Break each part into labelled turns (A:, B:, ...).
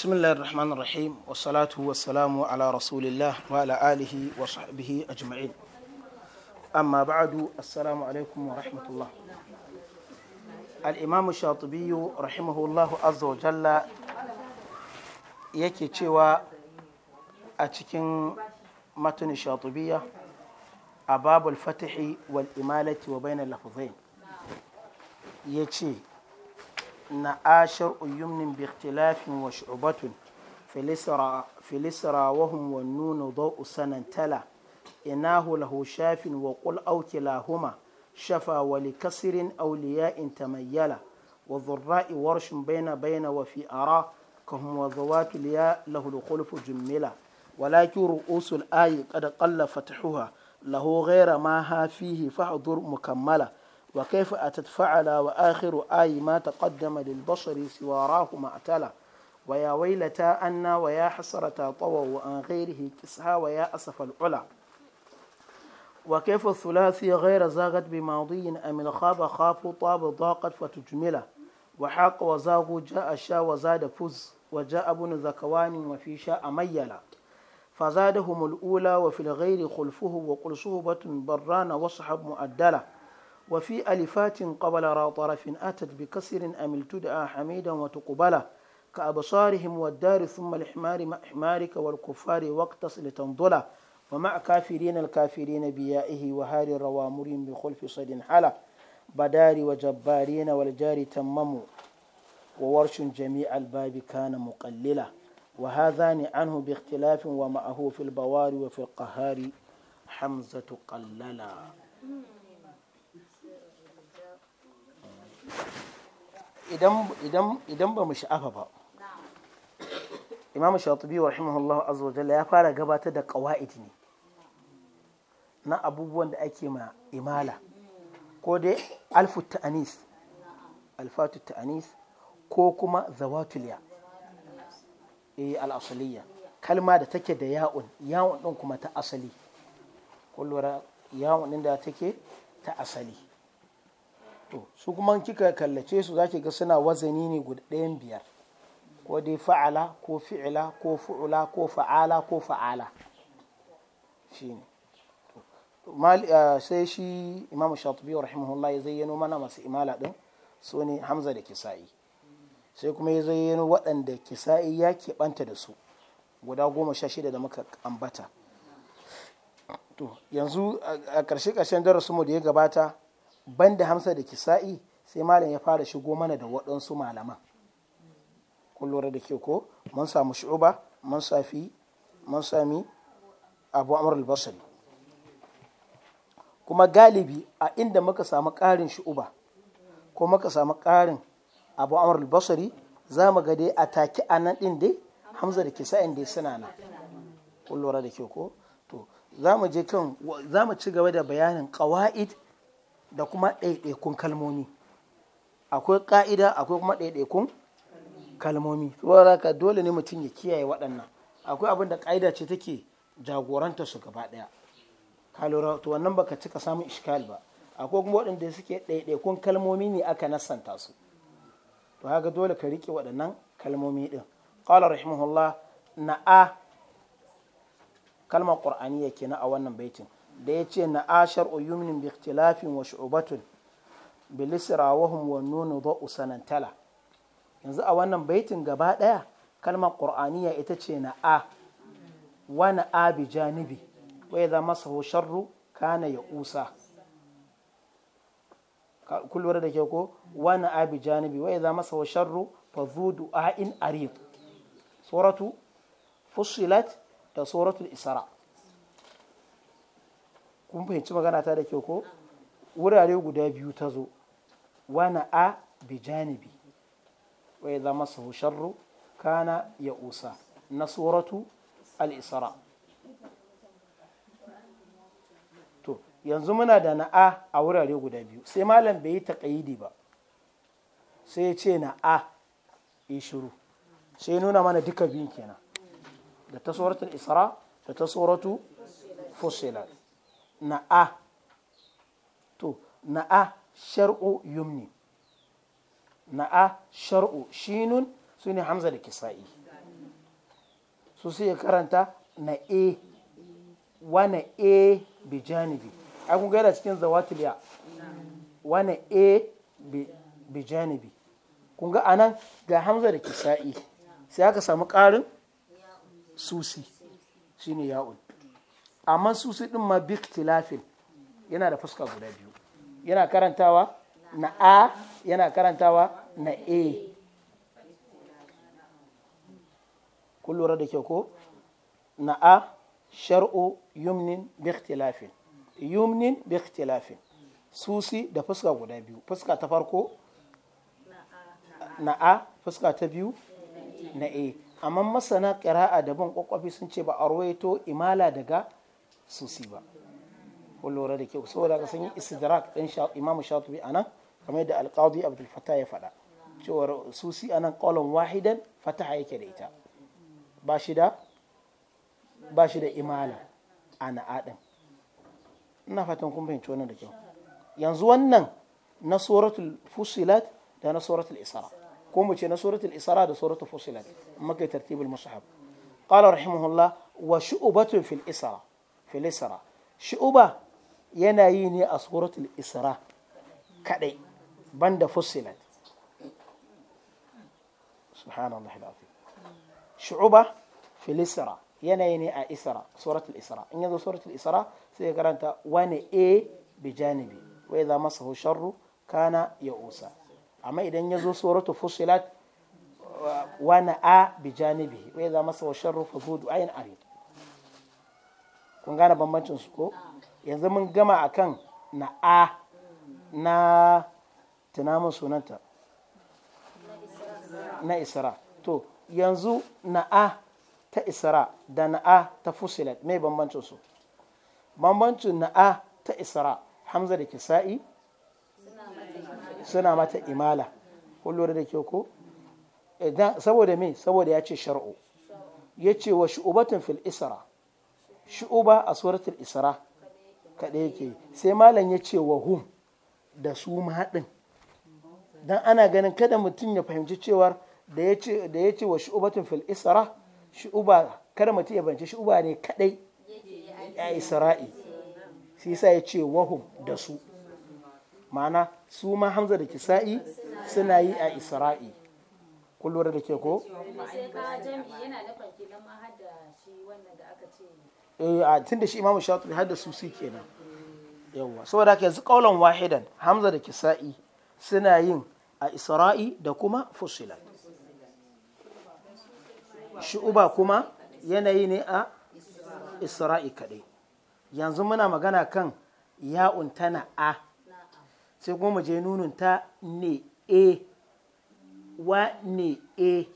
A: bismillahir rahmanir rahim wa salatu wa salamu ala rasulillah wa ala alihi wa sahbihi ajma'in amma ba'du assalamu wa rahmatullah al-imam shatibi rahimahullahu azza wa jalla yake cewa a cikin matan shatibiyya a babul fatihi wal imalati wa bainal lafzain yace ان اشر يمن باختلاف وشعبة في الإسراء وهم والنون ضوء سنة تلا إناه له شاف وقل أو كلاهما شفا ولكسر أو لياء تميلا والضراء ورش بين بين وفي أرى كهم وذوات الياء له الخلف جملا ولكن رؤوس الآي قد قل فتحها له غير ما فيه فاحضر مكملا وكيف أتت فعلا وآخر آي ما تقدم للبشر سواراه ما اعتلى ويا ويلتا أنا ويا حسرة طوى وأن غيره كسها ويا أسف العلا وكيف الثلاثي غير زاغت بماضي أم خاب خاف طاب ضاقت فتجمله وحاق وزاغ جاء شا وزاد فز وجاء ابن ذكوان وفي شاء ميلا فزادهم الأولى وفي الغير خلفه وقل صوبة بران وصحب مؤدلة وفي ألفات قبل را طرف أتت بكسر أم تدعى حميدا وتقبلا كأبصارهم والدار ثم الحمار حمارك والكفار واقتص تنضلا ومع كافرين الكافرين بيائه وهار الروامر بخلف صد حلا بدار وجبارين والجار تمموا وورش جميع الباب كان مقللا وهذان عنه باختلاف ومعه في البوار وفي القهار حمزة قللا idan ba mu sha'afa ba imam shatubi wa rahimahullahu azza ya fara gabatar da qawaid ne na abubuwan da ake ma imala ko dai alfu ta'anis alfatu ta'anis ko kuma zawatuliya eh al-asliya kalma da take da ya'un ya'un din kuma ta asali kullura ya'un din da take ta asali to su kuma kika kallace su zaki ga suna wazani ne guda ɗayan biyar ko dai fa'ala ko fi'ila ko fu'ula ko fa'ala ko fa'ala eh, sai shi imamu shatubi rahimahullah ya zayyano mana masu imala ɗin su ne hamza da kisa'i sai kuma ya zayyano waɗanda kisa'i ya keɓanta da su guda goma sha shida da muka ambata yanzu a ƙarshe ƙarshen darasinmu da ya gabata banda hamsa da kisa'i sai malam ya fara shigo mana da waɗansu malaman kun lura da ke ko mun samu shu'uba mun safi mun sami abu amur al kuma galibi a inda muka samu ƙarin shu'uba ko muka samu ƙarin abu amur al za mu ga dai a take a nan ɗin dai hamza da kisa'in dai suna nan kun lura da ke ko to za mu je kan za mu ci gaba da bayanin ƙawa'id da kuma ɗaiɗaikun kalmomi akwai ƙa'ida akwai kuma ɗaiɗaikun kalmomi saboda ka dole ne mutum ya kiyaye waɗannan akwai abin da ƙa'ida ce take jagoranta su gaba ɗaya ka lura to wannan baka cika samun iskal ba akwai kuma waɗanda suke ɗaiɗaikun kalmomi ne aka nasanta su to haka dole ka riƙe waɗannan kalmomi ɗin qala rahimahullah na'a kalmar ƙuraniya kenan a wannan baitin da ya ce na ashar uyumnin bi wa shu'batun bil wa nuna da'u sanantala yanzu a wannan baitin gaba daya kalmar qur'aniya ita ce na a wani a bi janibi wa za masahu sharru kana ya usa kulwar da ke ko wani a bi janibi wa idza masahu sharru fa a in arid suratu fushilat da suratul isra' kun fahimci magana ta da kyau ko wurare guda biyu ta zo wani a bijanibi. wai zama sahu sharru kana ya usa na suratu al to yanzu muna da na a a wurare guda biyu sai malam bai yi taƙaidi ba sai ya ce na A yi shiru sai ya nuna mana duka biyun kenan da ta suratul isra da ta suratu fusilat na'a to na'a shar'u yumni na'a shar'u shinun su ne hamza da kisa'i su sai ya karanta na'e wa na'e bi janibi a kun gaida cikin zawatiliya wa na'e bi janibi kun ga anan ga hamza da kisa'i sai aka samu ƙarin susi shine yaul amma su su ɗin ma biktilafin yana da fuska guda biyu yana karantawa na a yana karantawa na a kun lura da ke ko na a shar'u yumnin biktilafin yumnin biktilafin susi da fuska guda biyu fuska ta farko na a fuska ta biyu na a amma masana ƙira'a daban kwakwafi sun ce ba a ruwaito imala daga susi ba kun lura da kyau saboda ka san istidrak din imam shatibi anan kamar da alqadi abdul fatah ya faɗa cewa susi anan qalan wahidan fataha yake da ita ba shi da ba shi da imala ana adam ina fatan kun fahimci wannan da kyau yanzu wannan na suratul fusilat da na suratul isra ko mu ce na suratul isra da suratul fusilat muka tartibul mushaf qala rahimahullah wa shu'batun fil isra filisra shu'uba yana yi ne a suratul isra kadai banda fussilat subhanallah alazim shu'uba filisra yana yi ne a isra suratul isra in yazo suratul isra sai ya karanta wani a e bi janibi wa idza masahu sharru kana ya'usa amma idan yazo suratul fussilat wani a bi janibi wa idza masahu sharru fa arid kun gane bambancin su ko yanzu mun gama akan na a na tunamin sunanta na isra to yanzu na a ta isra da na a ta fusilat mai bambancin su bambancin na a ta isra hamza da kisa'i suna mata imala kullum da ke ko eh, saboda me saboda ya ce shar'u ya ce wa shu'ubatun fil isra shu'uba a suratul isra kaɗai yake sai malam ya ce wa hum da su mahaɗin don ana ganin kada mutum ya fahimci cewar da ya ce wa shu'ubatun fil isra shu'uba kada mutum ya fahimci shu'uba ne kaɗai a isra'i sai sa ya ce wahum da su ma'ana su ma hamza da kisa'i suna yi a isra'i kullum da ke ko?
B: yana da shi wannan
A: Eh, a tun da shi imam shatibi har da susi kenan yawwa saboda haka yanzu kaulan wahidan hamza da kisa'i suna yin a isra'i da kuma fusilat shu'uba kuma yanayi ne a isra'i kadai yanzu muna magana kan ya'un tana a sai kuma mu je nunun ta ne e wa ne e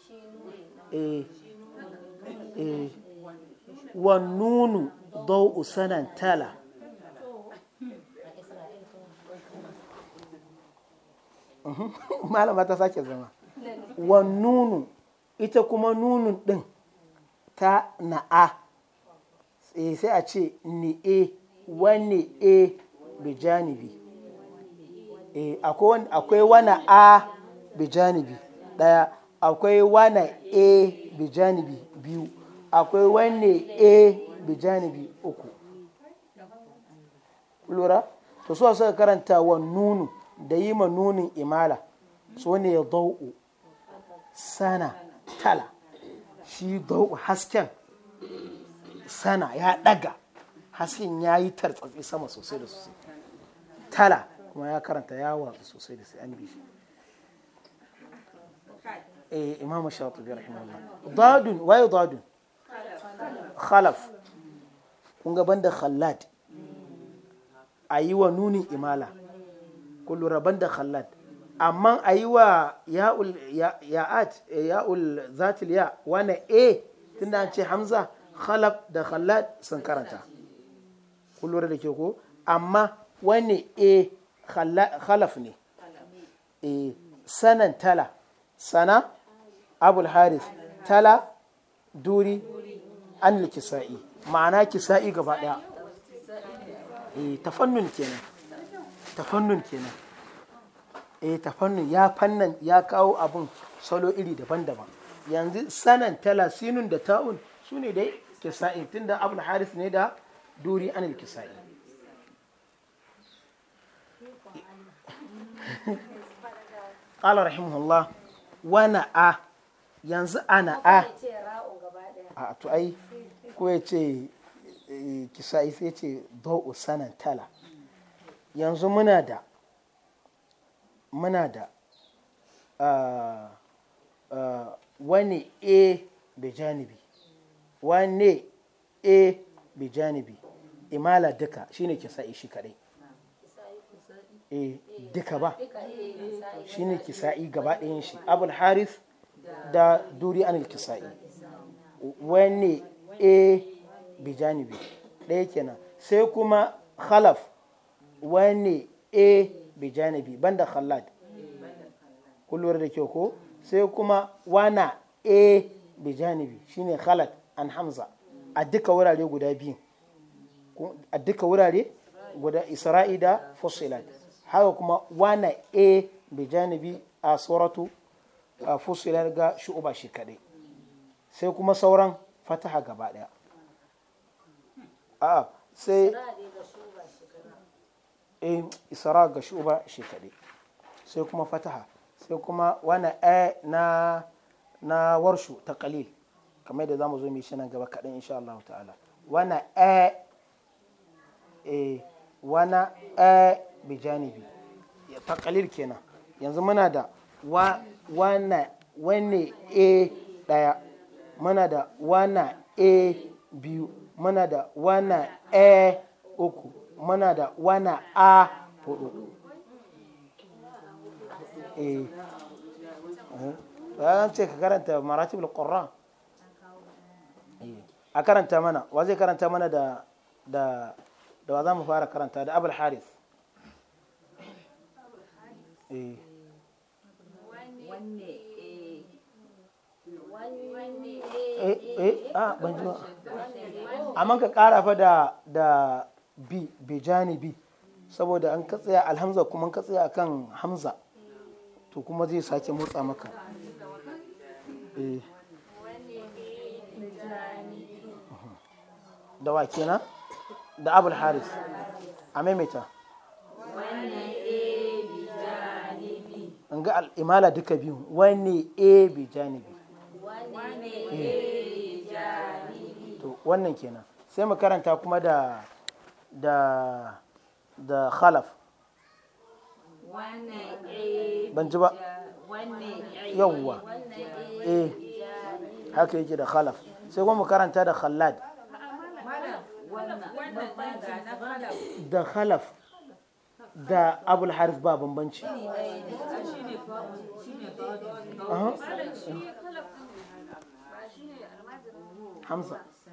A: e e wa nunu dau sanan tala malama ta sake zama wa ita kuma nunun din ta na'a eh, sai a ce ni'e wani e bijanibi eh, akwai wani a bijanibi daya akwai wani e bijanibi biyu akwai wanne a bijanibi uku lura to so suka karanta wa nunu da yi ma nunin imala so ne ya dau'u sana tala shi dau'u hasken sana ya daga hasken ya yi tartsatsi sama sosai da sosai tala kuma ya karanta ya watsu sosai da sai an bi shi eh imamu shatubi rahimahullah dadun waye dadun khalaf kun gaban da khallad a yi wa nunin imala kun lura ban da khallad amma a yi wa ya'at eh, ya'ul zatil ya wane e tunda an ce hamza khalaf da khallad sun karanta kun lura da ke ko amma wani e khalaf ne e sanan tala sana abul haris tala duri an kisa'i ma'ana kisa'i gaba daya eh tafannun kenan tafannun kenan eh tafannun ya fannan ya kawo abun salo iri daban-daban yanzu sanan talasinun da ta'un su ne dai kisai tunda abul haris ne da duri an kisa'i قال رحمه الله وانا yanzu ana a a to ai ko ya ce eh, kisa sai ce ba'u sanan tala yanzu muna da muna da wani a janibi wani a janibi imala duka shine kisa'i shi kadai e eh, duka ba shine kisa'i gaba ɗayan shi abul haris da duri anil kisa'i wani a janibi ɗaya kenan sai kuma khalaf wani a ban banda khalad kullum da kyau ko sai kuma wana a bijanibi shine khalad an hamza a duka wurare guda biyu a duka wurare guda da fusilat haka kuma wana a janibi a a fusilar ga shu'uba shi kadai sai kuma sauran fataha gaba daya a sai eh isra ga shuba shi kadai sai kuma fataha sai kuma wani a eh, na na warshu ta kalil kamar za mu zo mu shi nan gaba kadan insha Allah ta'ala wani a eh, eh wani a eh, bi janibi ta kalil kenan yanzu muna da wa wani wani a daya mana da wana a biyu mana da wana a e uku mana da wana a hudu a eh. eh, an ce ka karanta maratib al qurra eh, a karanta mana wa zai karanta mana da da da wa za mu fara karanta da abul haris eh
B: wanne a ban ji ba amma ka kara fa da
A: da bi bi janibi saboda an ka tsaya alhamza kuma an ka tsaya akan hamza to kuma zai sake motsa maka eh. da wa kenan da abul haris a maimaita an ga al'imala duka biyu wani a bi janibi
B: wani a eh.
A: wannan kenan sai mu karanta kuma da da da khalaf
B: ban ji ba yawwa eh
A: haka yake da khalaf sai kuma mu karanta da khallad da khalaf da abul harif ba bambanci hamsa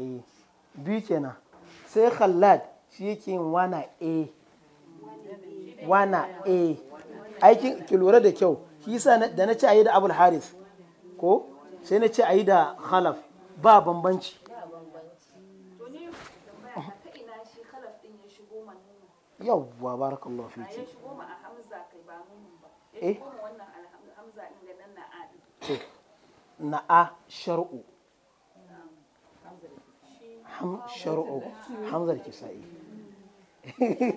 A: Eh. biyu kenan sai khallad shi yake yin wana a wana a aikin ki lura da kyau shi yasa da na ce ayi da abul haris ko sai na ce ayi da khalaf ba bambanci yawwa barakallahu fiki eh na a shar'u ham hamzar kisa'i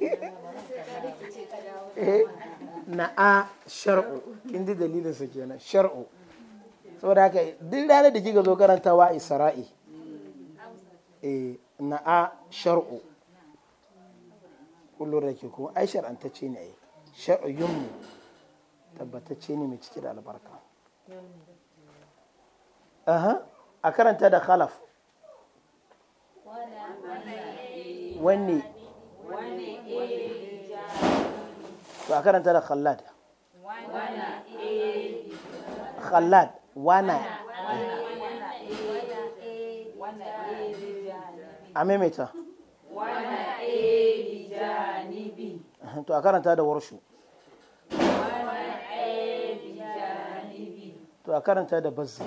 A: na a shar'u kin ji dalilin sa kenan shar'u saboda haka duk ranar da kika zo wa isra'i eh, na a shar'u kullum da ke ko ai shar'antacce ne ai shar'u yumni tabbatacce ne mai cike da albarka a karanta da khalaf wanne to a karanta da khallad khallad wana a maimaita to a karanta da warshu to a karanta da bazzi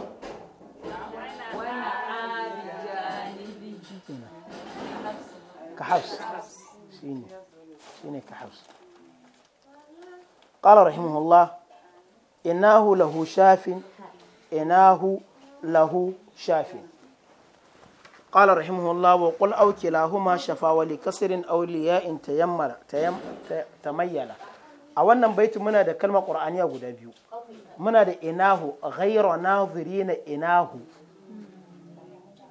A: ka haus shine shine ka haus qala rahimahullah inahu lahu shafin inahu lahu shafin قال رحمه الله وقل أو كلاهما شفا ولكسر أو لياء تيمر تيم تميل a wannan baiti muna da kalmar ƙur'aniya guda biyu muna da inahu ghaira naziri na inahu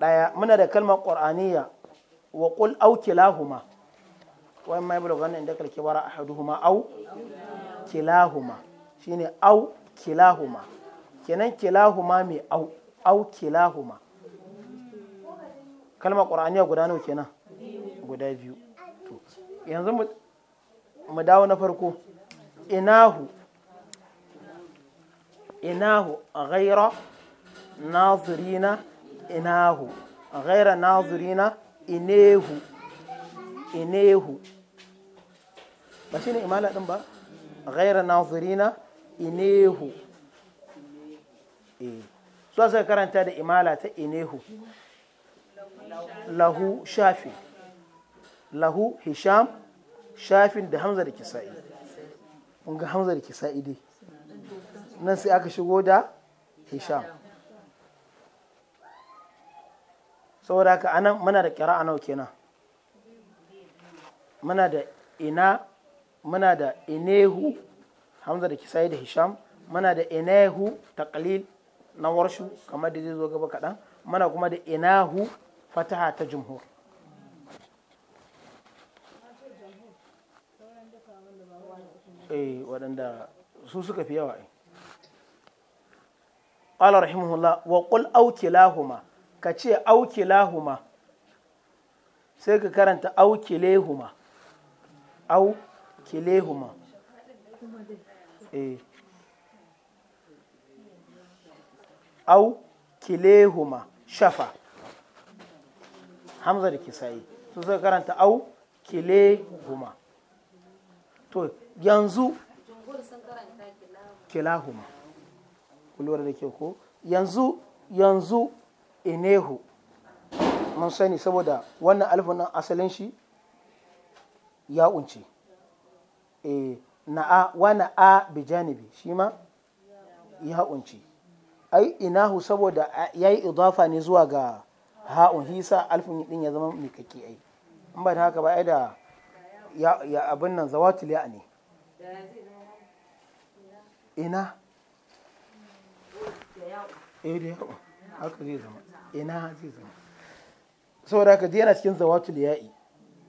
A: ɗaya muna da kalmar ƙur'aniya wa qul aw kilahuma wa imma yablughanna indaka al-kibara ahaduhuma aw kilahuma shine aw kilahuma kenan kilahuma mai au aw kilahuma kalmar qur'aniya guda nawa kenan guda biyu
B: to yanzu
A: mu dawo na farko inahu inahu ghaira nazirina inahu ghaira nazirina inehu inehu ba shi ne imala ɗin ba ghaira nazirina inehu eh so karanta da imala ta inehu lahu shafi lahu hisham shafin da hamza da kisa'i kun ga hamza da kisa'i dai nan sai aka shigo da hisham saboda haka anan muna da kira anau kenan muna da ina muna da inehu hamza da kisai da hisham muna da inehu taqlil na warshu kamar da zai zo gaba kaɗan muna kuma da inahu fataha ta jumhur eh waɗanda su suka fi yawa قال رحمه الله وقل أو ka ce auki lahuma sai ka karanta aukilehuma aukilehuma eh. lehuma auki lehuma shafa hamza da kisayi sai ka karanta auki lehuma to yanzu kilahuma kulwar da ke ko yanzu yanzu inehu mun sani saboda wannan alifin nan asalin shi ya unce e eh, na'a wa na'a bi janibi shi ma ya unce ai inahu saboda yayi idafa ne zuwa ga ha'un hisa alfin din ya zama kake ai in ba da haka ba ai da ya abin nan zawatul ya ne ina eh da haka zai zama ina zai zama saboda haka yana cikin zawatul ya'i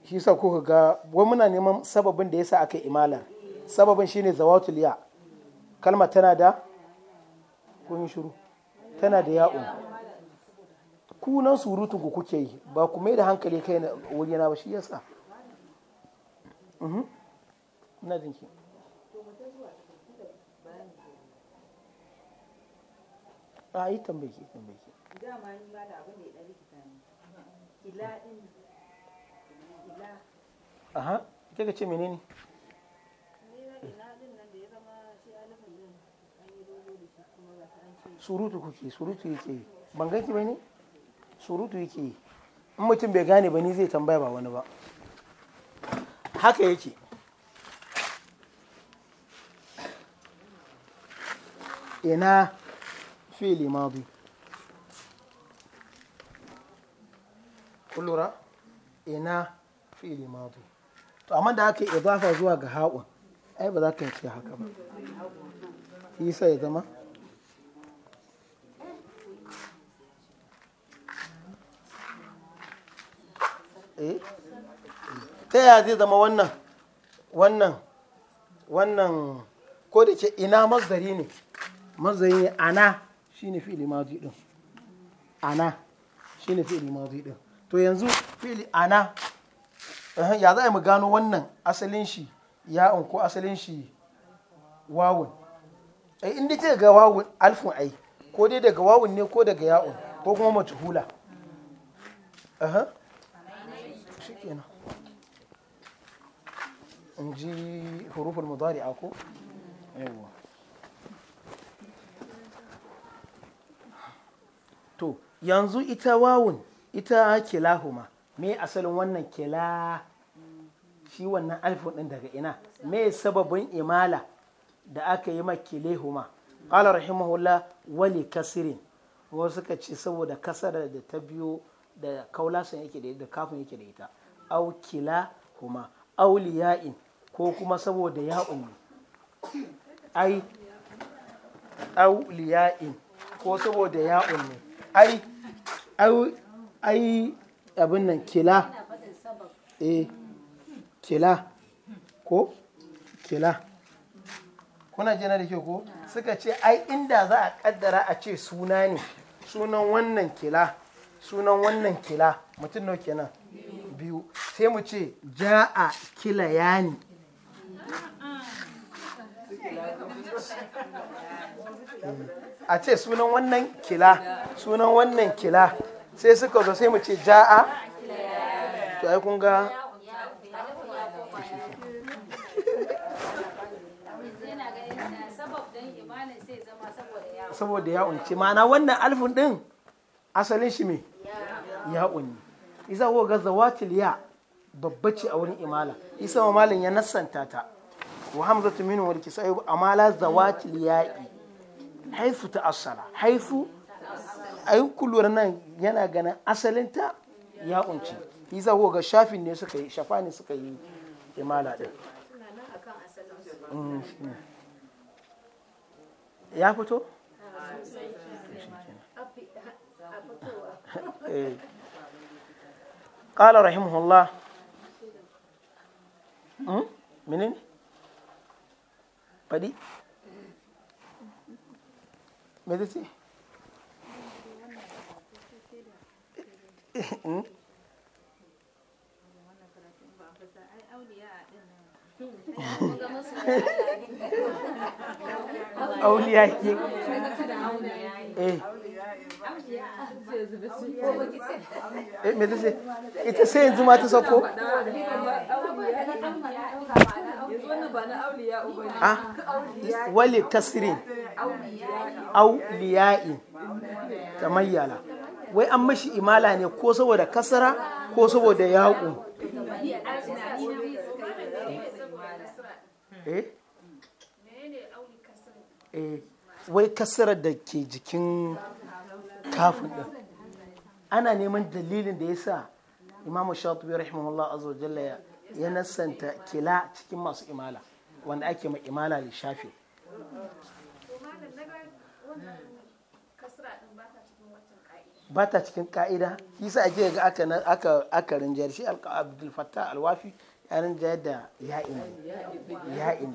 A: shi sa kuka ga wai muna neman sababin da yasa aka imalar sababin shine zawatul ya kalma tana da kun shiru tana da ku nan surutu ku kuke yi ba ku mai da hankali kai na wuri na ba shi yasa mhm. ina jinki a yi tambayi tambaye
B: dama aha ita ka ce menene
A: surutu kuke surutu yake ban ganki ba ne surutu yake in mutum bai gane ba ni zai tambaya ba wani ba haka yake ina fili madu Kulura, ina fili mazu. to amma da aka yi idafa zuwa ga ha'un ai ba za ka ce haka ba sai ya zama eh? ta yaya zai zama wannan wannan wannan ko da ce ina mazari ne Mazari ne ana shine fili mazu din ana shine fili mazu din to yanzu fili ana eh, ya za mu gano wannan asalin shi ya'un ko asalin shi wawun ai inda ce ga wawun alfun ai ko dai daga wawun ne ko daga ya'un ko kuma mace hula in ji huruful a ko yawon to yanzu ita wawun ita kilahuma me asalin wannan kila shi wannan alifin din daga ina me sababin imala da aka yi ma kilahuma qala rahimahullah wali kasirin wa suka ce saboda kasara da ta biyo da kaulasan yake da da kafin yake da ita au kila huma auliya'in ko kuma saboda ya'un ne ai auliya'in ko saboda ya'un ne ai ai abin nan kila eh kila ko kila kuna jina da ke ko suka ce ai inda za a kaddara a ce suna ne sunan wannan kila sunan wannan kila mutum nau kenan biyu sai mu ce ja'a kila yani a ce sunan wannan kila sunan wannan kila sai suka zo sai mu ce ja'a to ai kun ga
B: saboda ya unci ma'ana
A: wannan alfin din asalin shi me ya ne isa ko ga zawatil ya babba ce a wurin imala isa ma malin ya nassanta ta wa hamzatu minhu wal kisayu amala zawatil ya'i haifu ta asala haifu a yi kulwar nan yana ganin asalinta ya kunci isa ko ga shafin ne suka yi shafa ne suka yi imala ɗin mm, ya fito ƙala رحمه الله منين بدي ماذا تيه auliya
B: ke eh. eh me ta ce ita sai yanzu ma ta sauko
A: ah, wali kasirin auliya'i kamar yala wai an mashi imala ne ko saboda kasara ko saboda yaƙu eh? Eh. wai kasara da ke jikin kafin ɗin ana neman dalilin da ya sa imamu shatubi rahimahullah azza ya nasanta kila cikin masu imala wanda ake ma imala shafe. ba ta cikin ka'ida yasa ake ga aka aka aka rinjayar shi abdul fattah alwafi ya rinjayar da za su ya'in ya'in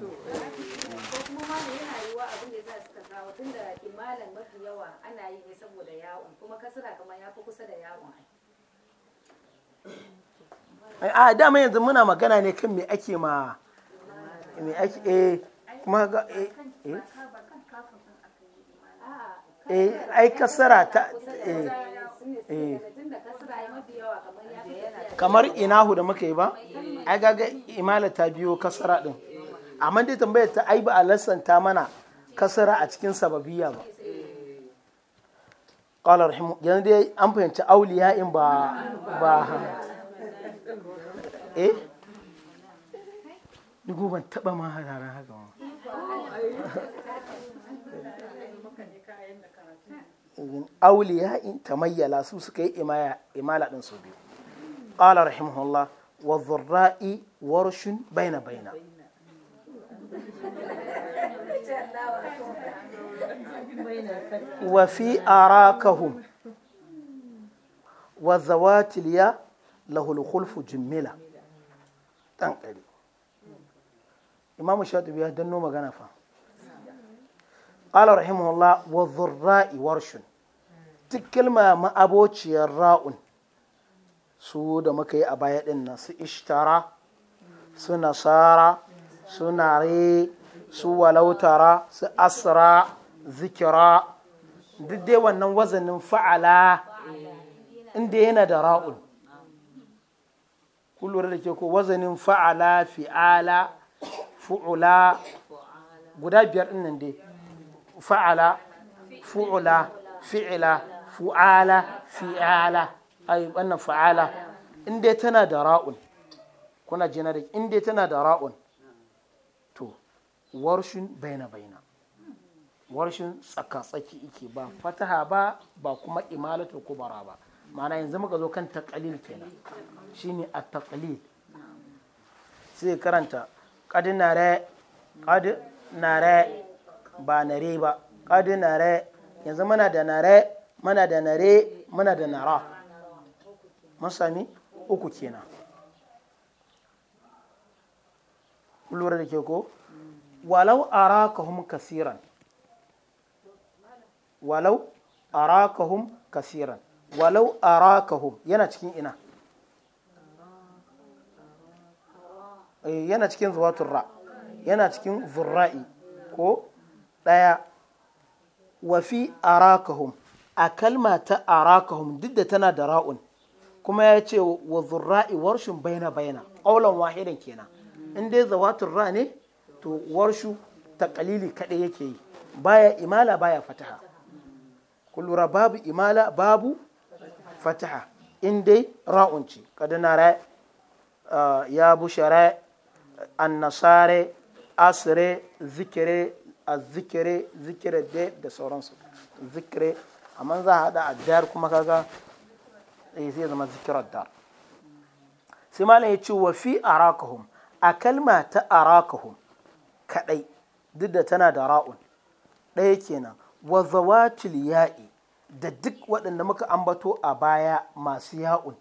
B: tunda imalan mafi yawa ana yi ne saboda yawon kuma kasira kamar ya fi kusa da yawon
A: ai a dama yanzu muna magana ne kan me ake ma me ake eh kuma ga eh, eh.
B: eh ai kasara ta eh, eh kamar inahu da
A: muka yi ba ai gaga imala ta biyo kasara din amma dai tambayar ta ai ba a lasanta mana kasara a cikin sababiya ba qala rahimu yanzu dai an fahimci auliya in ba ba eh ni ban taba ma haka ba awliya'in tamayyala su suka yi imala din su biyu qala rahimahullah wa dhurra'i warshun baina baina wa fi arakahum wa zawatil ya jimila. khulfu jimmila dan kare imamu shatibi ya danno magana fa qala rahimahullah wa dhurra'i warshun duk kalma ma'abociyar ra'un su da muka yi a baya ɗin nan su ishtara su nasara su nare su walautara su asra zikira duk dai wannan wazanin fa'ala inda yana da ra'un kullum da ke ko wazanin fa'ala fi'ala fu'ula guda biyar nan dai fa'ala fu'ula fi'ila fu'ala fi'ala ay wannan fa'ala in dai tana da ra'un kuna generic inda in dai tana da ra'un to warshin baina baina warshin tsaka tsaki ike ba fataha ba ba kuma imalatul kubara ba ma'ana yanzu muka zo kan taqlil kenan shine at-taqlil sai karanta qad nare qad nare ba nare ba qad nare yanzu muna da nare muna da nare muna da nara mun sami uku kenan lura da ke ko walau arakahum kasiran walau arakahum kasiran walau arakahum yana cikin ina eh, yana cikin zuwatun ra yana cikin zurra'i ko ɗaya wafi arakahum a kalma ta arakahum duk da tana da ra'un kuma ya ce wa zurra'i warshin baina baina ƙaulan wahidan kenan in dai zawatun ra ne to warshu ta kalili kaɗai yake yi baya imala baya fataha kullura babu imala babu fataha in dai ra'un ce kadana ya bushara annasare asire zikire a zikire zikire da sauransu zikire amma za a haɗa addar kuma kaga eh, sai zama zikirar dar sai malam ya ce wa fi arakahum a kalma ta arakahum kadai duk da tana da ra'un ɗaya kenan wa zawatil ya'i da duk waɗanda muka ambato a baya masu ya'un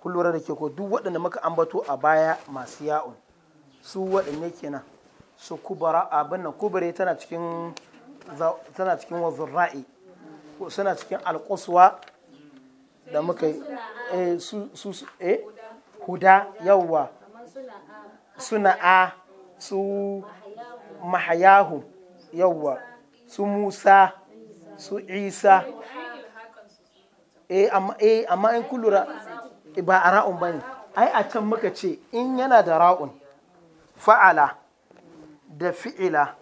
A: kun lura da ke ko duk waɗanda muka ambato a baya masu ya'un su waɗanne kenan su kubara abin nan kubare tana cikin tana cikin suna cikin alƙuswa da muka yi eh, su eh? huda yawwa suna a ah, su mahayahu yawwa su musa su isa eh amma eh, in kullura ba a ra'un ba ne ai a can muka ce in yana da ra'un fa'ala da fi'ila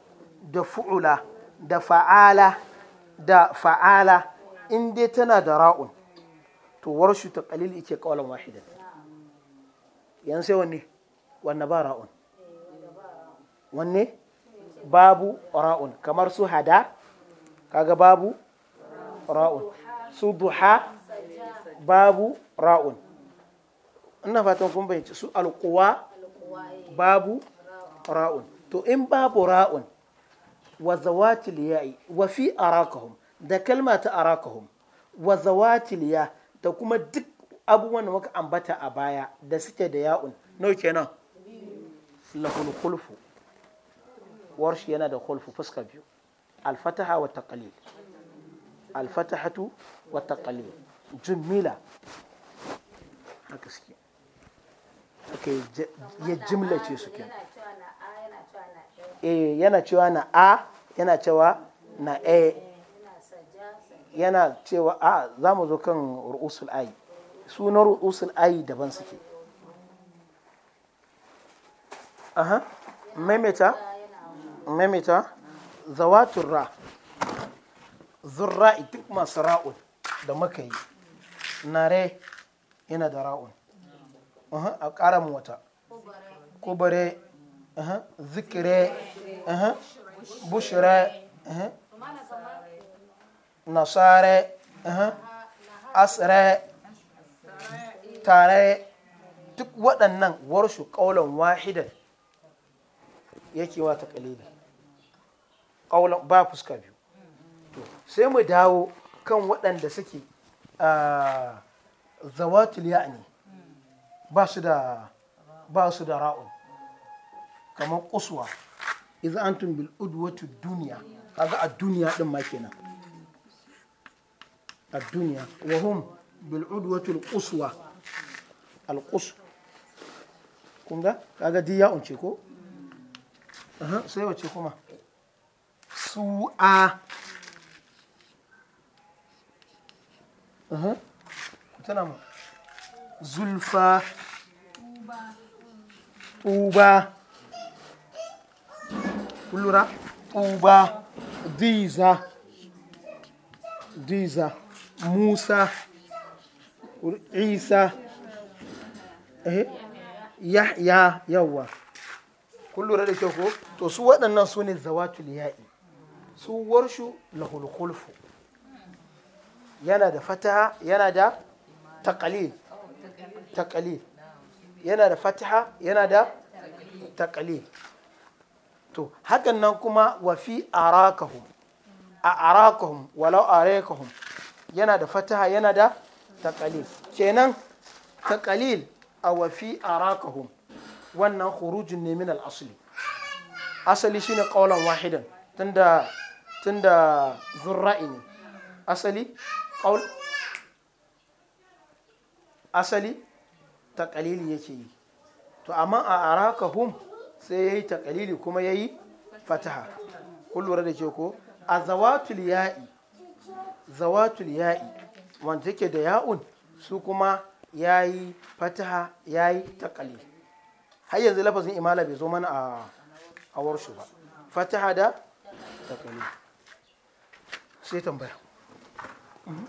A: da fu'ula da fa'ala da fa'ala in dai tana da ra'un to warshu ta kalil ike kawalan wahidan yan sai wanne wanne ba ra'un wanne babu ra'un kamar su hada kaga babu ra'un su duha babu ra'un ina fatan kun bayyance su alkuwa babu ra'un to in babu ra'un wa zawatil ya'i wa arakahum da kalma ta arakahum wa zawatil ya da kuma duk abubuwan da muka ambata a baya da suke da ya'un nau kenan lahul Kulfu. warshi yana da khulfu fuska biyu alfataha wa taqlil alfatahatu wa taqlil jumila haka suke haka ya jimlace su kenan eh yana cewa na a yana cewa na e yana cewa a za mu zo kan ru'usul ayi sunan ru'usul ayi daban suke aha maimaita maimaita zawatun ra zurra'i duk masu ra'un da muka yi nare yana da ra'un a ƙaramin wata kubare ذكرى bushire, نصارى أسرى tare duk waɗannan warshu ƙaulan wahidan yake wata ƙalili ƙaulan ba fuska biyu sai mu dawo kan waɗanda suke zawatul ya'ni ba su da ra'un kamar kuswa idza antum bil udwatu dunya kaga a duniya din ma kenan a duniya wa hum bil udwatu al quswa al qus kun ga kaga di ya unce ko aha sai wace kuma su'a aha tana mu zulfa tuba kun lura uba diza diza musa isa eh yahya yawa kun lura da kyau ko to su waɗannan su ne zawatul ya'i su warshu lahul yana da fataha yana da taqalil yana da fataha yana da to hakan nan kuma wa fi arakahum a arakahum walau arakahum yana da fataha yana da taqalil kenan taqalil a wa fi arakahum wannan khurujun ne min al-asli asali shine qawlan wahidan tunda tunda zurra'i ne asali qawl asali taqalili yake yi to amma a arakahum sai ya yi takalili kuma ya yi fataha kun da ke ko a zawatul ya'i zawatul ya'i wanda da ya'un su kuma ya yi fataha ya yi takalil har yanzu lafazin imala bai zo mana a warshu ba fataha da takalil sai tambaya mhm.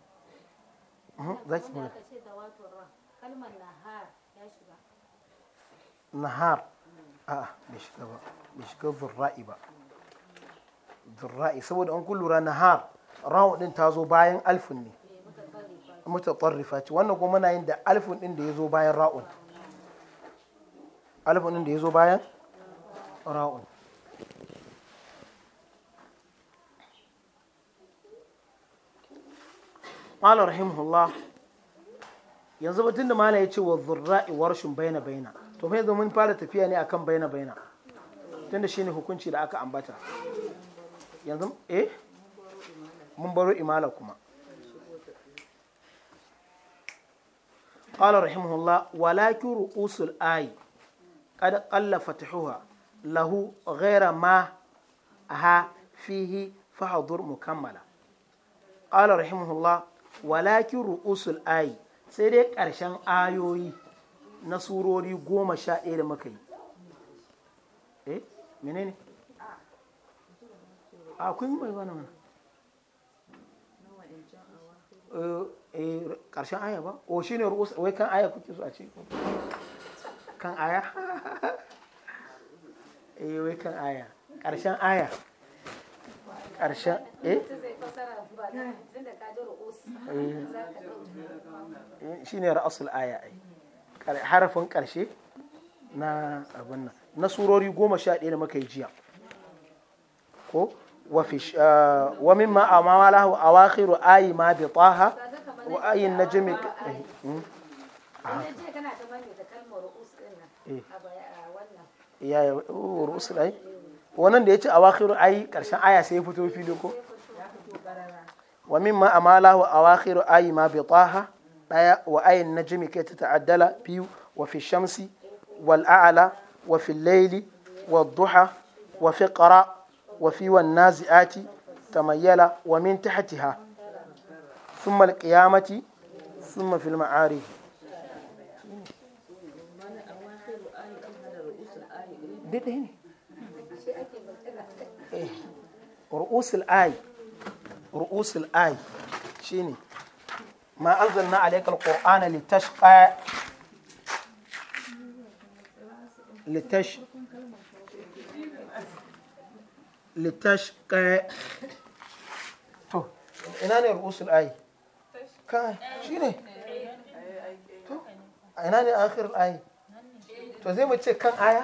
A: zaki ne
B: kalmar nahar ya shiga
A: nahar a bai shiga ba bai shiga zurra'i ba zurra'i saboda an kullura nahar rawu din ta zo bayan alfin ne mutatarrifa ce wannan kuma na yin da alfin din da ya zo bayan ra'un alfin din da ya zo bayan ra'un qala rahimahullah yanzu batun da mala ya ce wa zurra'i warshin baina baina to fa yanzu mun fara tafiya ne akan baina baina tunda shine hukunci da aka ambata yanzu eh mun baro imala kuma قال رحمه الله ولكن رؤوس الآي قد قل فتحها له غير ما ها فيه فحضر مكملة قال رحمه الله walakin ru'usul ayi sai dai ƙarshen ayoyi na surori goma sha ɗaya da muka yi eh menene a kun yi mai wani mana eh, eh, ƙarshen aya ba o shi ne ru'usul wai kan aya kuke so a ce kan aya eh wai kan aya ƙarshen aya ƙarshen eh, eh shi ne ra'asul aya ai harafin ƙarshe na abin nan na surori goma sha ɗaya da muka yi jiya ko wa eh, mimma amama lahu awakhiru ayi ma bi taha wa ayi najmi kana
B: ta
A: a wannan ya uh, ru'us ai wannan da ya ce a wakiru ayi ƙarshen aya sai ya fito fili ko wa ma amala wa awakiru ayi ma bi ɗaya wa ayin najmi kai ta ta'addala biyu wa fi shamsi wal a'la wa fi layli wa duha wa fi qara wa fi wan nazi'ati tamayyala wa min tahtiha thumma al qiyamati thumma fil ma'arij duk ne ru'usul ay ru'usul ay shine ma anzalna alaykal qur'ana litashqa litash litashqa to ina ne ru'usul ay ka shine to ina ne akhir ay to zai mu ce kan aya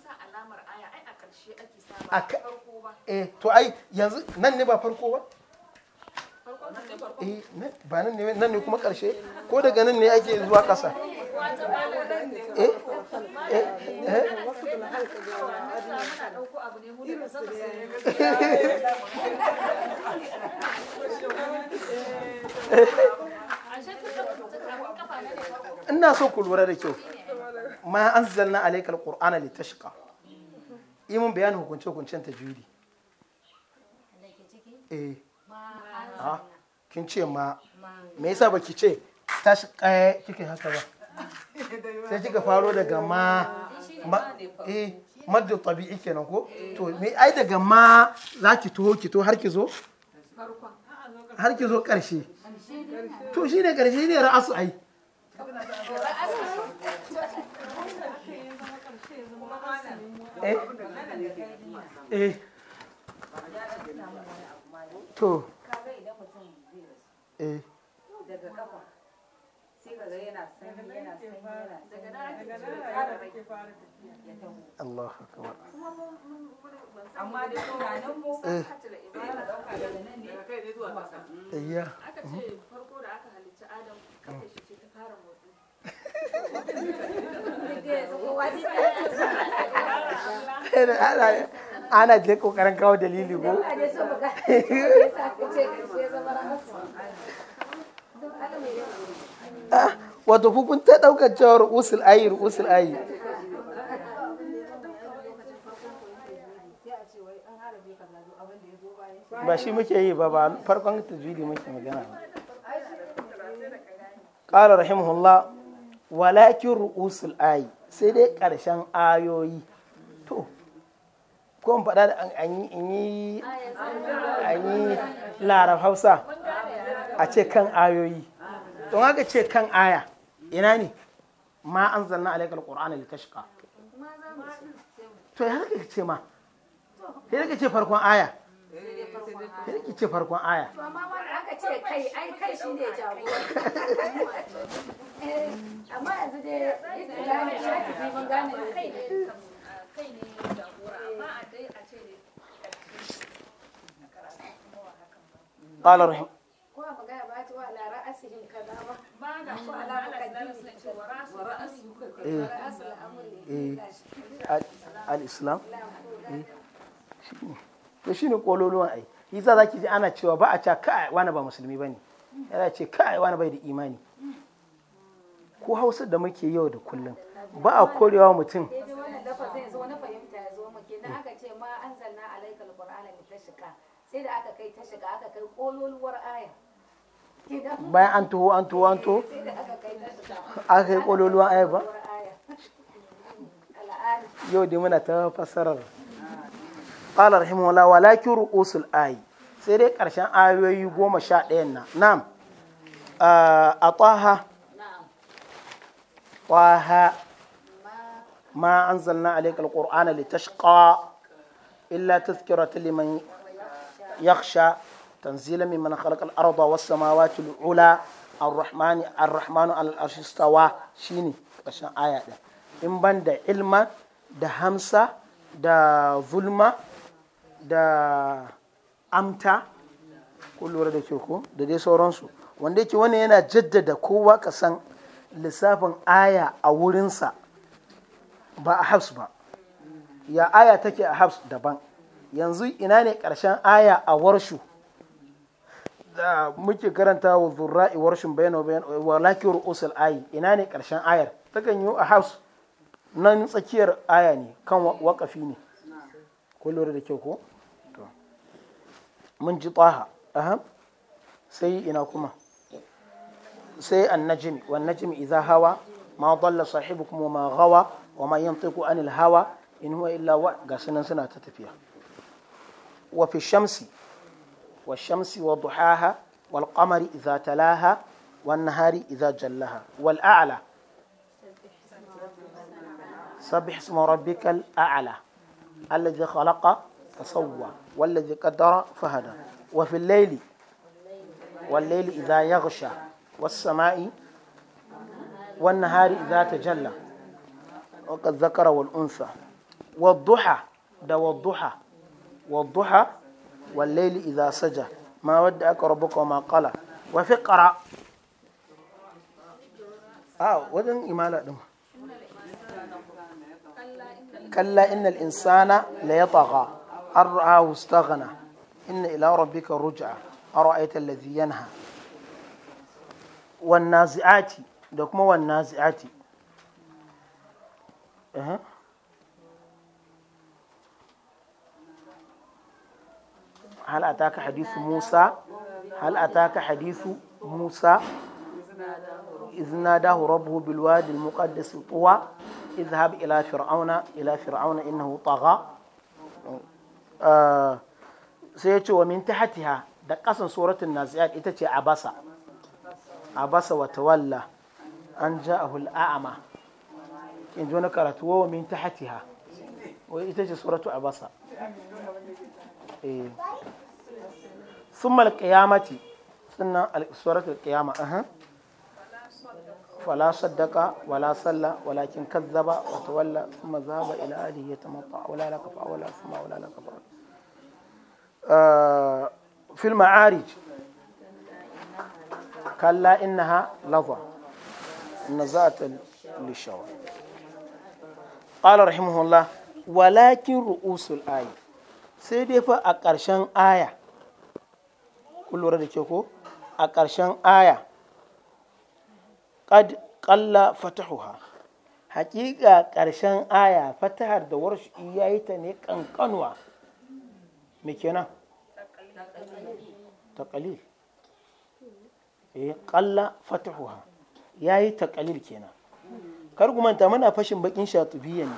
A: A eh to ai yanzu nan ne ba farko ba eh ba nan ne nan ne kuma karshe ko daga nan ne ake zuwa kasa eh eh eh ina so ku lura da kyau ma an anzalna alaikal qur'ana litashqa yi mun bayanin hukunce-hukuncen ta juri eh ah, kin ce ma me yasa ba ki ce ta kai eh, kike haka ba sai kika faro daga ma eh madda tabi'i kenan ko to me ai daga ma za ki ki to har ki zo har ki zo karshe to shi ne karshe ne ra'asu ai eh eh to eh Allah akbar
B: eh. amma da tunanin mu
A: iya aka
B: farko da aka halicci Adam ta fara motsi
A: ana je kokarin kawo dalili ko ah, wato hukun ta daukar cewar usul ayi usul ayi
B: ba shi muke yi
A: ba ba farkon tajwidi muke magana ba qala rahimahullah walakin ru'usul ayi sai dai karshen ayoyi ko mu faɗa da an yi larab hausa a ce kan ayoyi don haka ce kan aya ina ne ma an zanna alaikar ƙur'ana da tashka to ya haka ce ma
B: ya haka ce farkon aya ya haka ce farkon aya eh, amma yanzu dai kai ne jagora amma a dai a ce ne قال رحمه eh. eh. al'islam eh.
A: to shi ne ƙololuwan ai yi za ki ji ana cewa ba a ca kai wani ba musulmi ba ne yana ce kai wani bai da imani ko hausa da muke yau da kullun. ba a korewa mutum
B: sai da aka kai ta shiga aka kai kololuwar aya
A: bayan an tuho an tuho an tuho
B: aka kai kololuwar aya ba yau
A: dai muna ta fassarar qala rahimahullah walakin ru'usul ayi sai dai karshen ayoyi goma sha ɗayan na na'am a taha taha ma anzalna alaikal qur'ana litashqa illa tazkiratan liman يخشى تنزيلا ممن خلق الأرض والسماوات العلى الرحمن الرحمن على العرش استوى شيني عشان آية ده إن بند علما ده همسة ده ظلمة ده أمتا كل ورد كيوكو ده دي سورانسو wanda yake wani yana jaddada kowa ka san lissafin aya a wurinsa ba a habs ba ya aya take a habs daban yanzu ina ne ƙarshen aya a warshu da muke karanta wa zurra'i warshin bayan wa lakiyar usul ayi ina ne ƙarshen ayar ta kan yi a house nan tsakiyar aya ne kan wakafi ne ko lura da kyau ko mun ji taha aha sai ina kuma sai an najmi wan najmi idza hawa ma dalla sahibukum wa ma ghawa wa ma yantiqu anil hawa in huwa illa wa ga sunan suna ta tafiya وفي الشمس والشمس وضحاها والقمر إذا تلاها والنهار إذا جلها والأعلى سبح اسم ربك الأعلى الذي خلق فصوى والذي قدر فهدى وفي الليل والليل إذا يغشى والسماء والنهار إذا تجلى وقد ذكر والأنثى والضحى ده والضحى والضحى والليل إذا سجى ما ودعك ربك وما قال وفي آه ودن إمالة دم كلا إن الإنسان ليطغى أن واستغنى إن إلى ربك رجع أرأيت الذي ينهى والنازعات دكما والنازعات أه. hal ataka hadisu musa hal ataka hadisu musa إذ ناداه ربه بالواد المقدس طوى اذهب إلى فرعون إلى فرعون إنه طغى آه سيتي ومن تحتها دقاسا سورة النازعات إتتي عبس عبس وتولى أن جاءه الأعمى إن جونا كرتوا ومن تحتها وإتتي سورة عبس إيه. ثم القيامة سنة سورة القيامة أها فلا صدق ولا صلى ولكن كذب وتولى ثم ذهب إلى أهله يتمطع ولا لك ولا ثم ولا لك فأولى. آه في المعارج كلا إنها لظى نزات للشوى قال رحمه الله ولكن رؤوس الآية sai dai fa a ƙarshen aya kullum da ke ko a ƙarshen aya ƙad ƙalla fatahuha haƙiƙa ƙarshen aya fatahar da warshi ya yi ta ne ƙanƙanwa mai kenan taƙalil eh ƙalla fatahuha ya yi taƙalil kenan kargumanta manta muna fashin baƙin shatubiyan ne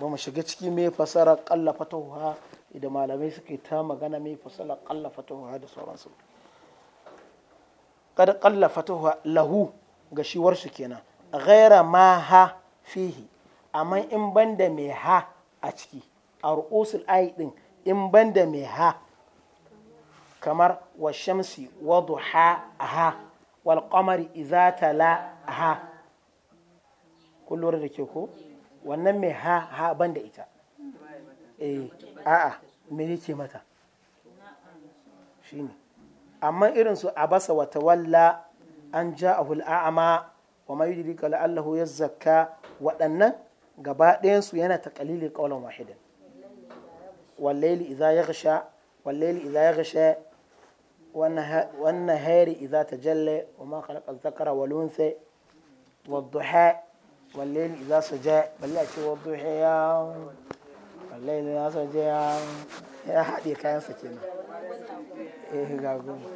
A: ba mu shiga ciki mai fasara ƙalla fatahuha da malamai suke ta magana mai fasala ƙalla fatahuwa da sauransu kada ƙalla fatahuwa lahu ga shiwarsu kenan ghaira ma ha fihi amma in banda mai ha a ciki a ru'usul ayi din in banda mai ha kamar wa shamsi wa duha ha wal qamari idza tala ha kullum da ke ko wannan mai ha ha banda ita eh a'a me yake mata shine amma irin su abasa wa tawalla an ja'ahul a'ama wa ma yudrika la'allahu yazzakka waɗannan gaba ɗayan su yana taqalili qawlan wahidan wallayli idza yaghsha wallayli idza yaghsha wannan hari idza tajalla wa ma khalaqa dhakara wal untha wad duha wallaili idza saja wallahi ce wad duha ya je ya haɗe kayansa kenan eh ga goma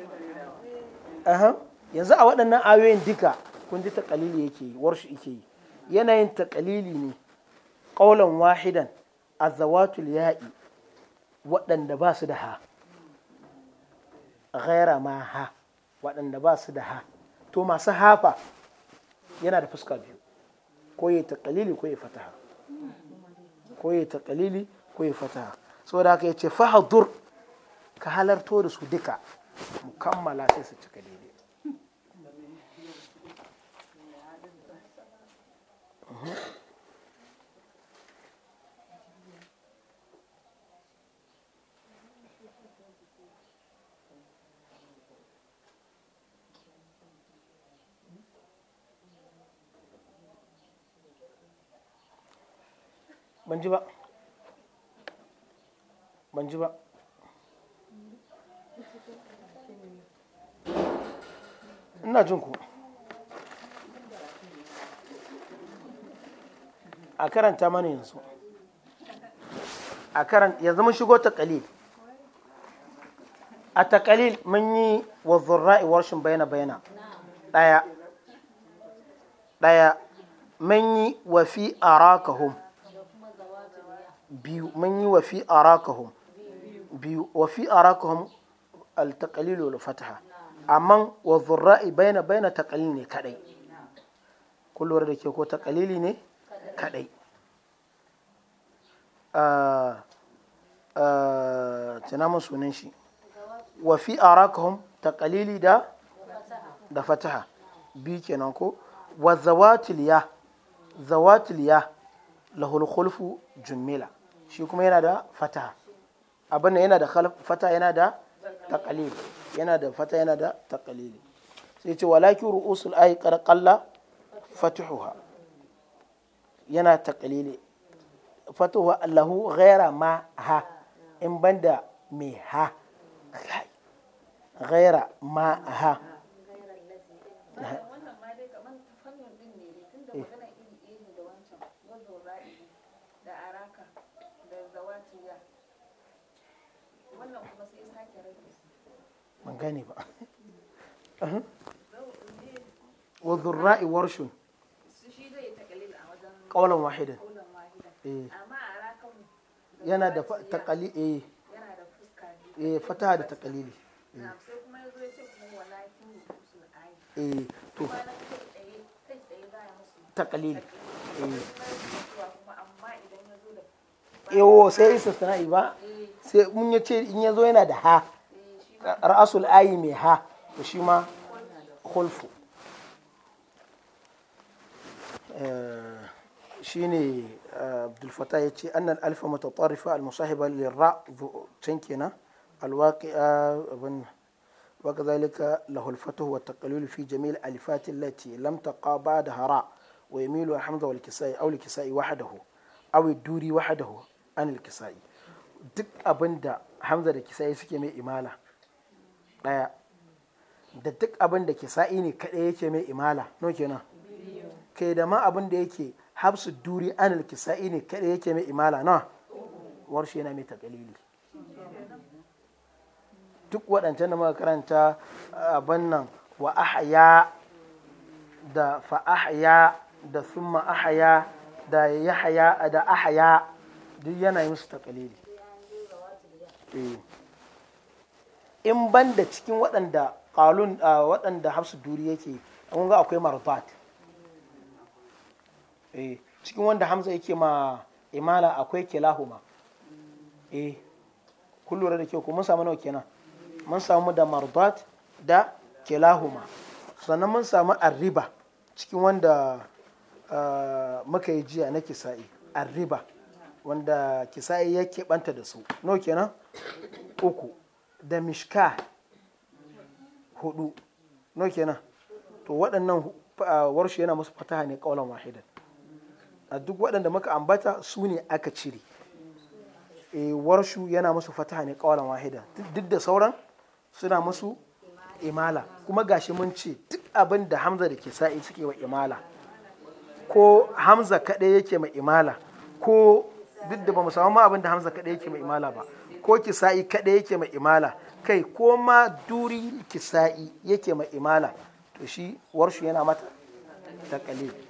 A: aha yanzu a waɗannan ayoyin duka kun ji takalili yake yi warshi yake yi yanayin takalili ne ƙaulan wahidan zawatul ya'i waɗanda ba su da ha ghaira ma ha waɗanda ba su da ha to masu hafa yana da fuska biyu ko ya takalili ko ya fataha ko ya taqalili ko ya fataha saboda haka yace fahadur ka halarto da su duka mu kammala sai su cika daidai ban ji ba ban ji ba ina jin ku a karanta mana yanzu a karanta yanzu mun shigo ta kalil a ta kalil mun yi wa zurra'i warshin bayana bayana ɗaya ɗaya mun yi wa fi arakahum biyu mun yi wa fi arakahum biyu wa fi arakahum al-taqlil wal fataha amma wa dhurra'i baina baina taqlil ne kadai kullum da ke ko taqlili ne kadai ah, ah, tana mun sunan shi wa fi arakahum taqlili da da fataha bi kenan ko wa zawatiliya zawatiliya zawatil ya jummila shi kuma yana da fata abin yana da fata yana da taqalil yana da fata yana da taqalil sai ce walakin ru'usul ayi qarqalla fatuhuha yana taqalili fatuhu allahu ghaira ma ha in banda me ha ghaira ma ha ban gane ba wa zurra'i warshun
B: kawalan wahidan eh.
A: yana da taƙali eh. eh fataha da taƙalili eh. eh to taƙalili eh sai isa sana'i ba sai mun ya ce in yazo yana da ha ra'asul ayi mai ha to shi ma hulfu eh, shi ne eh, abdulfata ya ce annan alfa matattarifa al-musahiba lirra can kenan alwaƙiya ah, abin waka zalika lahulfatu wa taqalul fi jamil alifati allati lam taqa ba'da hara wa yamilu hamza wal kisai aw kisai wahdahu aw duri wahdahu an al duk abinda hamza da kisai suke mai imala daya da duk abin da ke sa'i ne kaɗai yake mai imala no kenan kai da ma abin da yake habsu duri anil kisa'i ne kaɗai yake mai imala na warshe yana mai takalili duk waɗancan da muka karanta abin nan wa ahya da fa ahya da summa ahya da yahya da ahya duk yana yi musu takalili eh. in ban da cikin waɗanda ƙalun waɗanda hafsu duri yake an ga akwai marufat eh cikin wanda hamza yake ma imala akwai kilahuma eh kun lura da kyau ko mun samu nawa kenan mun samu da marufat da kilahuma sannan mun samu arriba cikin wanda muka yi jiya na kisa'i arriba wanda kisa'i ya keɓanta da su nawa kenan uku da mishka hudu no kenan to waɗannan warshe yana musu fataha ne ƙaunar wahidan a duk waɗanda muka ambata su ne aka cire e, warshu yana musu fataha ne ƙaunar wahidan duk da sauran suna musu imala kuma gashi mun ce duk abin da hamza da ke sa'i suke wa imala ko hamza kaɗai yake mai imala ko duk da ba mu samu abin da hamza kaɗai yake mai imala ba ko kisa'i kaɗai yake ma imala kai ko ma duri kisa'i yake ma imala to shi warshu yana mata takalili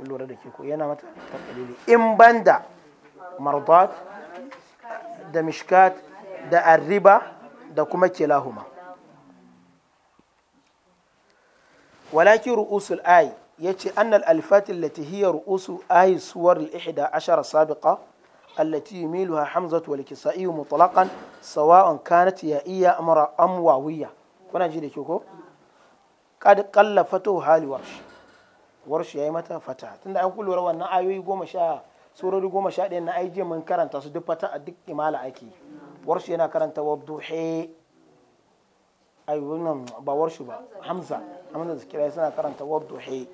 A: lura da ke ko yana mata takalili in banda mardat da mishkat da arriba da kuma kilahuma walakin ru'usul ayi yace annal alfatin lati hiya ru'usu ayi suwar al-ihda ashara sabiqa التي يميلها حمزة والكسائي مطلقا سواء كانت يائية أمر أم واوية كنا جيدي كوكو قد قل فتو حال ورش ورش يا متى فتا تندع كل روى أن آيوي قوم شاء سورة يقوم شاء لأن أيجي من كرن تصدق فتا أدك إمالة أكي ورش ينا كرن توضحي أي ونم بورش با حمزة حمزة ذكرها يسنا كرن توضحي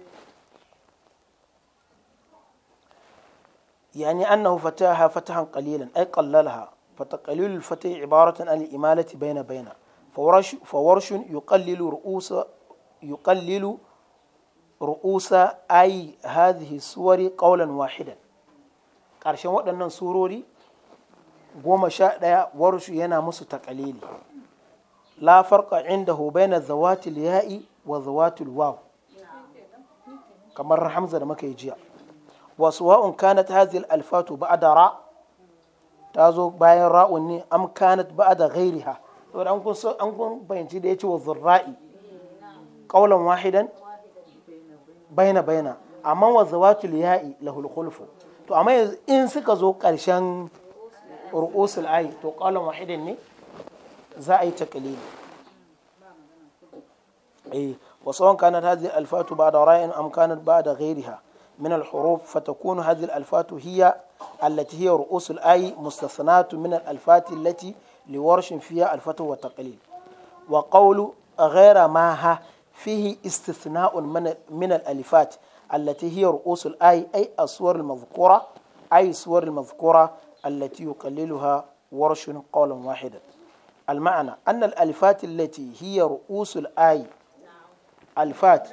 A: يعني أنه فتحها فتحا قليلا أي قللها فتقليل الفتح عبارة عن الإمالة بين بين فورش, فورش يقلل رؤوس يقلل رؤوس أي هذه السور قولا واحدا ƙarshen waɗannan surori goma sha ɗaya warshu yana musu taƙalili lafar farqa indahu bayna zawatul ya'i wa zawatil waw kamar hamza da muka yi jiya وسواء كانت هذه da ra ta zo bayan راء ني أم كانت ba غيرها to an kun an kun bayanci da ya yace wa zurra'i qaulan wahidan baina baina amma wa zawatul ya'i lahul khulfu to amma in suka zo ƙarshen ru'usul ayi to qaulan wahidan ne za a yi taqlid ne wasu sawan kanat hadhihi alfatu ba ba'da ra'in am da ba'da ha. من الحروف فتكون هذه الألفات هي التي هي رؤوس الآي مستثنات من الألفات التي لورش فيها الفتح والتقليل وقول غير ماها فيه استثناء من, من الألفات التي هي رؤوس الآي أي الصور المذكورة أي الصور المذكورة التي يقللها ورش قولا واحدا المعنى أن الألفات التي هي رؤوس الآي ألفات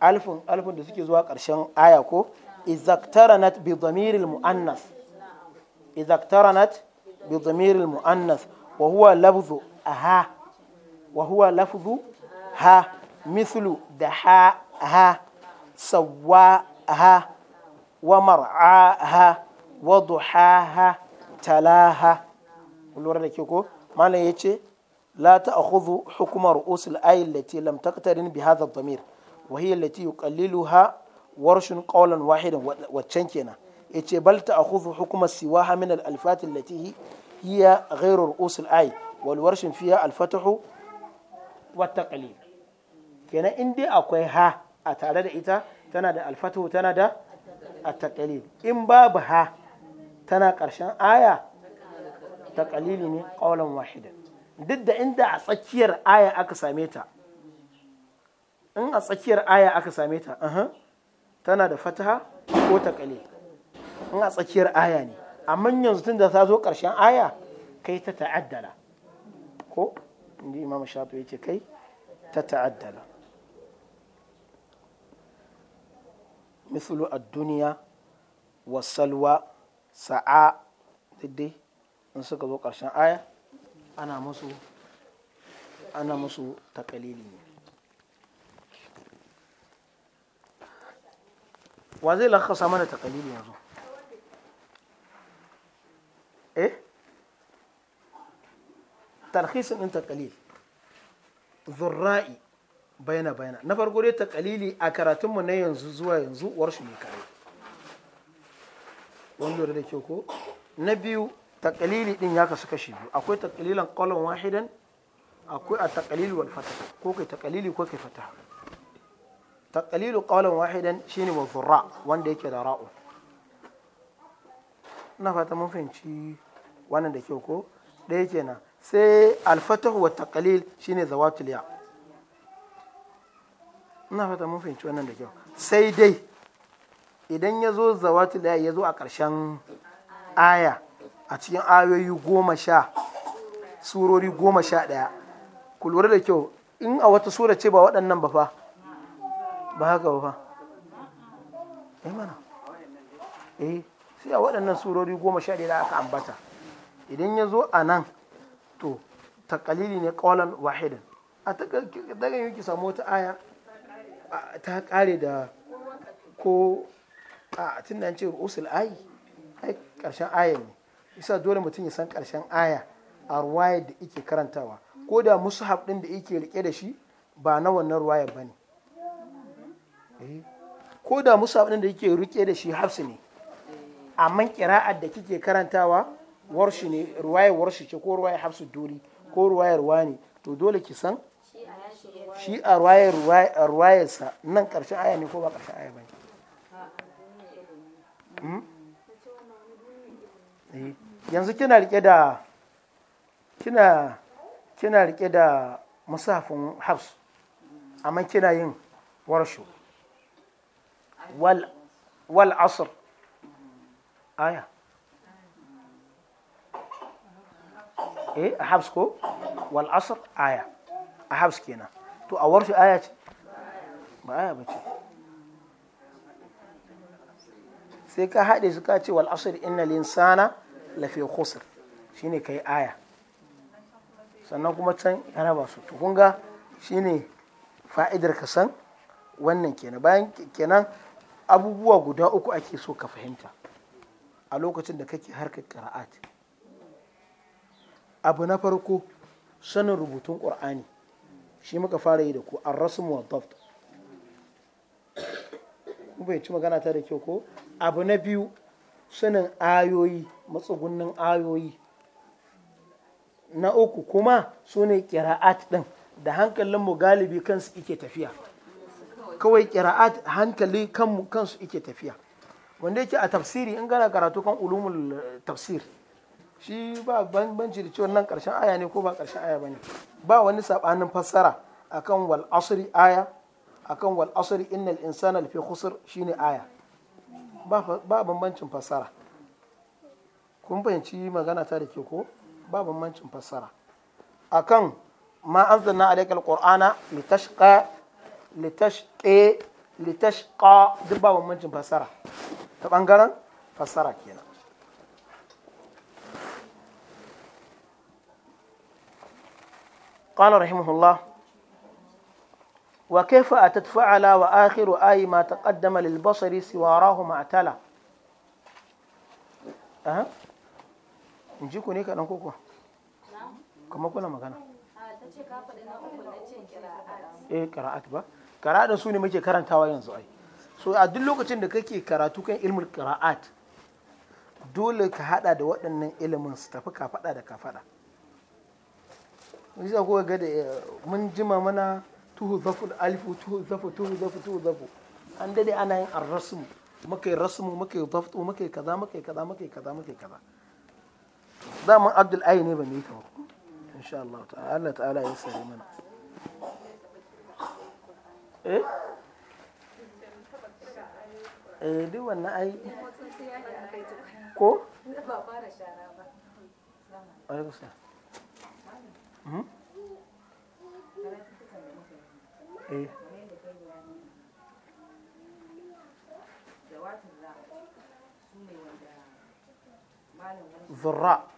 A: alfin alfin da suke zuwa ƙarshen aya ko izaktaranat bi dhamiril muannas izaktaranat bi dhamiril muannas wa huwa lafzu aha wa huwa lafzu ha mislu da ha ha sawwa ha wa mar'aha wa duhaha talaha lura da ke ko malam yace la ta'khudhu hukumar ruusul ayyi allati lam taqtarin bi hadha dhamir wa hiya allati yuqalliluha warshun qawlan wahidan waccan kenan yace bal ta'khudhu hukma siwaha min al-alfat allati hiya ghayru ru'us al-ay wal warshin fiha al-fathu wa taqlil kenan in akwai ha a tare da ita tana da alfatu tana da at-taqlil in babu ha tana karshen aya ne qawlan wahidan duk da inda a tsakiyar aya aka same ta in a tsakiyar aya aka same ta tana da fataha ko takale in a tsakiyar aya ne amma yanzu tun da ta zo ƙarshen aya kai ta ta'addala ko inda imam shafi ya ce kai ta ta'addala misalu a duniya wa salwa sa'a daidai in suka zo ƙarshen aya ana musu ana musu takalili ne wa zai lakasa mana takalili yanzu eh tarhisin din takalil zurra'i bayana bayana na farko dai takalili a karatunmu na yanzu zuwa yanzu warshu ne kare wanda da ke ko na biyu takalili din ya kasu kashi biyu akwai takalilan qawlan wahidan akwai a takalili wal fatah ko kai takalili ko kai fataha taqlilu qawlan wahidan shine wa zurra wanda yake da ra'u ina fata mun fahimci wannan da kyau ko ɗaya kenan sai alfatah wa taqlil shine zawatul ya ina fata mun fahimci wannan da kyau sai dai idan ya zo zawatul ya zo a ƙarshen aya a cikin ayoyi goma sha surori goma sha ɗaya ku da kyau in a wata sura ce ba waɗannan ba fa ba haka ba eh mana eh sai a waɗannan surori goma sha ɗaya da aka ambata idan ya zo a nan to takalili ne ƙolan wahidan a daga yake samu wata aya ta ƙare da ko a tun da ce usul ayi ai ƙarshen aya ne isa dole mutum ya san ƙarshen aya a ruwayar da ike karantawa ko da musu ɗin da ike rike da shi ba na wannan ruwayar ba ne ko da musa ɗin da yake rike da shi hafsi ne amma kira'ar da kike karantawa warshi ne ruwaye warshi ce ko ruwaye hafsu doli ko ruwaye ne to dole ki san shi a ruwaye sa nan ƙarshen aya ne ko ba ƙarshen aya ba ne hmm? eh, yanzu kina rike da kina kina rike da musafin hafs amma kina yin warshi wal wal asr aya eh a habs ko wal asr aya a habs kenan to a warshi aya ce ba aya ba ce sai ka haɗe su ka ce wal asr inna linsana lafi khusr kai aya sannan kuma can ya raba su tukunga shine fa'idar ka san wannan kenan bayan kenan abubuwa guda uku ake so ka fahimta a lokacin da kake harkar ƙara'at abu na farko sanin rubutun ƙur'ani shi muka fara yi da ku an rasu wa bai ci magana ta da kyau ko abu na biyu sanin ayoyi matsugunnin ayoyi na uku kuma su ne ƙira'at ɗin da hankalinmu mu galibi kansu ike tafiya kawai kira'at hankali kan kansu ike tafiya wanda yake a tafsiri in gana karatu kan ulumul eh, tafsir shi ba banbanci da cewa nan karshen aya ne ko ba karshen aya bane ba wani sabanin fassara akan wal asri aya akan wal asri innal insana lafi khusr shine aya ba bambancin fassara kun fahimci magana ta da ke ko ba bambancin fassara akan ma anzalna alaikal qur'ana litashqa litashqi litashqa duk ba bambancin fassara ta bangaren fassara kenan قال رحمه الله وكيف أتت فعل وآخر آي ما تقدم للبصر سواراه ما اعتلى أه نجيكو نيكا نكوكو كما كنا مكانا eh qira'at ba qira'a su ne muke karantawa yanzu ai so a duk lokacin da kake karatu kan ilmul qira'at dole ka hada da waɗannan ilimin su tafi ka fada da ka fada yasa ko ga da eh, mun jima mana tuhu zafu alifu tuhu zafu tuhu zafu tuhu zafu an dade ana yin arrasmu muka yi rasmu muka yi zaftu muka yi kaza muka yi kaza muka yi kaza muka yi kaza zaman abdul ayi ne ba ne ka ba شاء الله تعالى الله تعالى يسر لنا إيه؟ إيه، دي وانا اي كو ai ko ايه zurra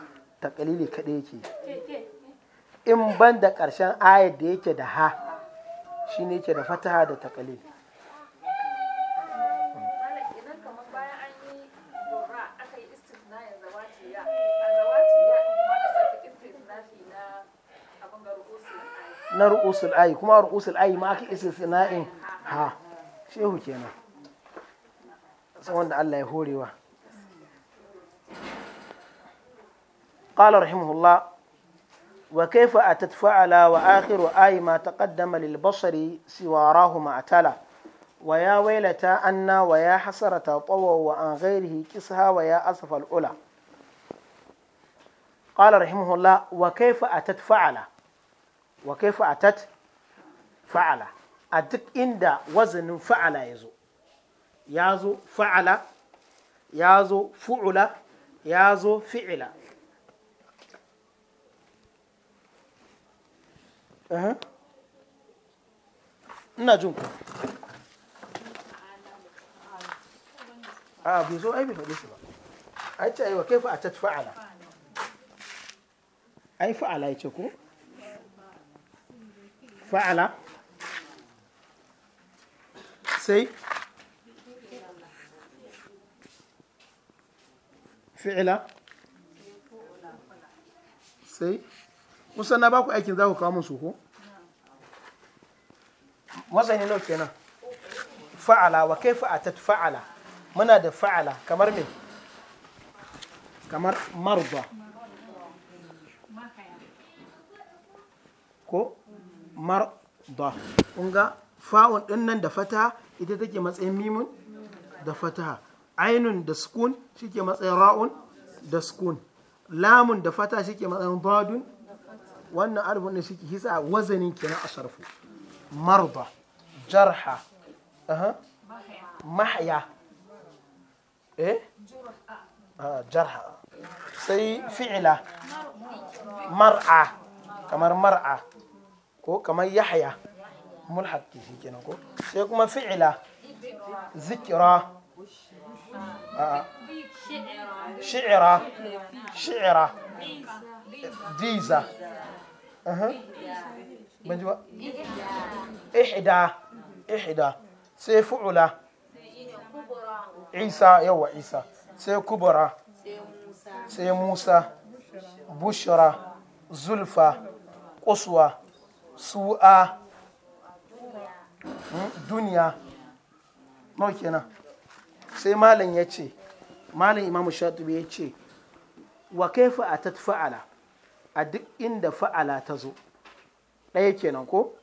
A: kalili kaɗai yake in ban da ƙarshen ayar da yake da ha shi ne yake da fataha da kalili na ru'usul ayi kuma ru'usul ayi ma aka isa sina'in ha shehu kenan san wanda Allah ya horewa قال رحمه الله وكيف أتت فعل وآخر آي ما تقدم للبصر سواراه ما تلا ويا ويلتى أنا ويا حسرة طوى وعن غيره كسها ويا أسف الأولى قال رحمه الله وكيف أتت فعل وكيف أتت فعل أتك إند وزن فعل يزو يازو فعل يازو فعل يازو فعل ina jin ku a bai zo ai bai faɗe shi ba a ce aiwa kai fa'a a tat fa'ala ai fa'ala ya ce ko fa'ala sai fi'ila sai kusan na baku aikin za ku kawo min su ko matsayin nau kenan fa'ala wa kai fa'atat fa'ala muna da fa'ala kamar me kamar marba ko marba ga fa'un din nan da fata ita take matsayin mimun da fata ainun da sukun shike matsayin ra'un da sukun lamun da fata shike matsayin badun wannan alifun da suke hisa wazanin kenan a sarfu marba jarha mahya eh ah, jarha sai fi'ila mar'a kamar mar'a ko kamar yahya mulhaq kenan ko sai kuma fi'ila zikira
B: shi'ira shi'ira
A: diza ban ihda sai fu'ula isa yawa isa sai kubura sai musa bushra zulfa kuswa su'a hmm? duniya nau sai malam ya ce malam imam shatubi ya ce wa kaifa a fa'ala a duk inda fa'ala ta zo ɗaya kenan ko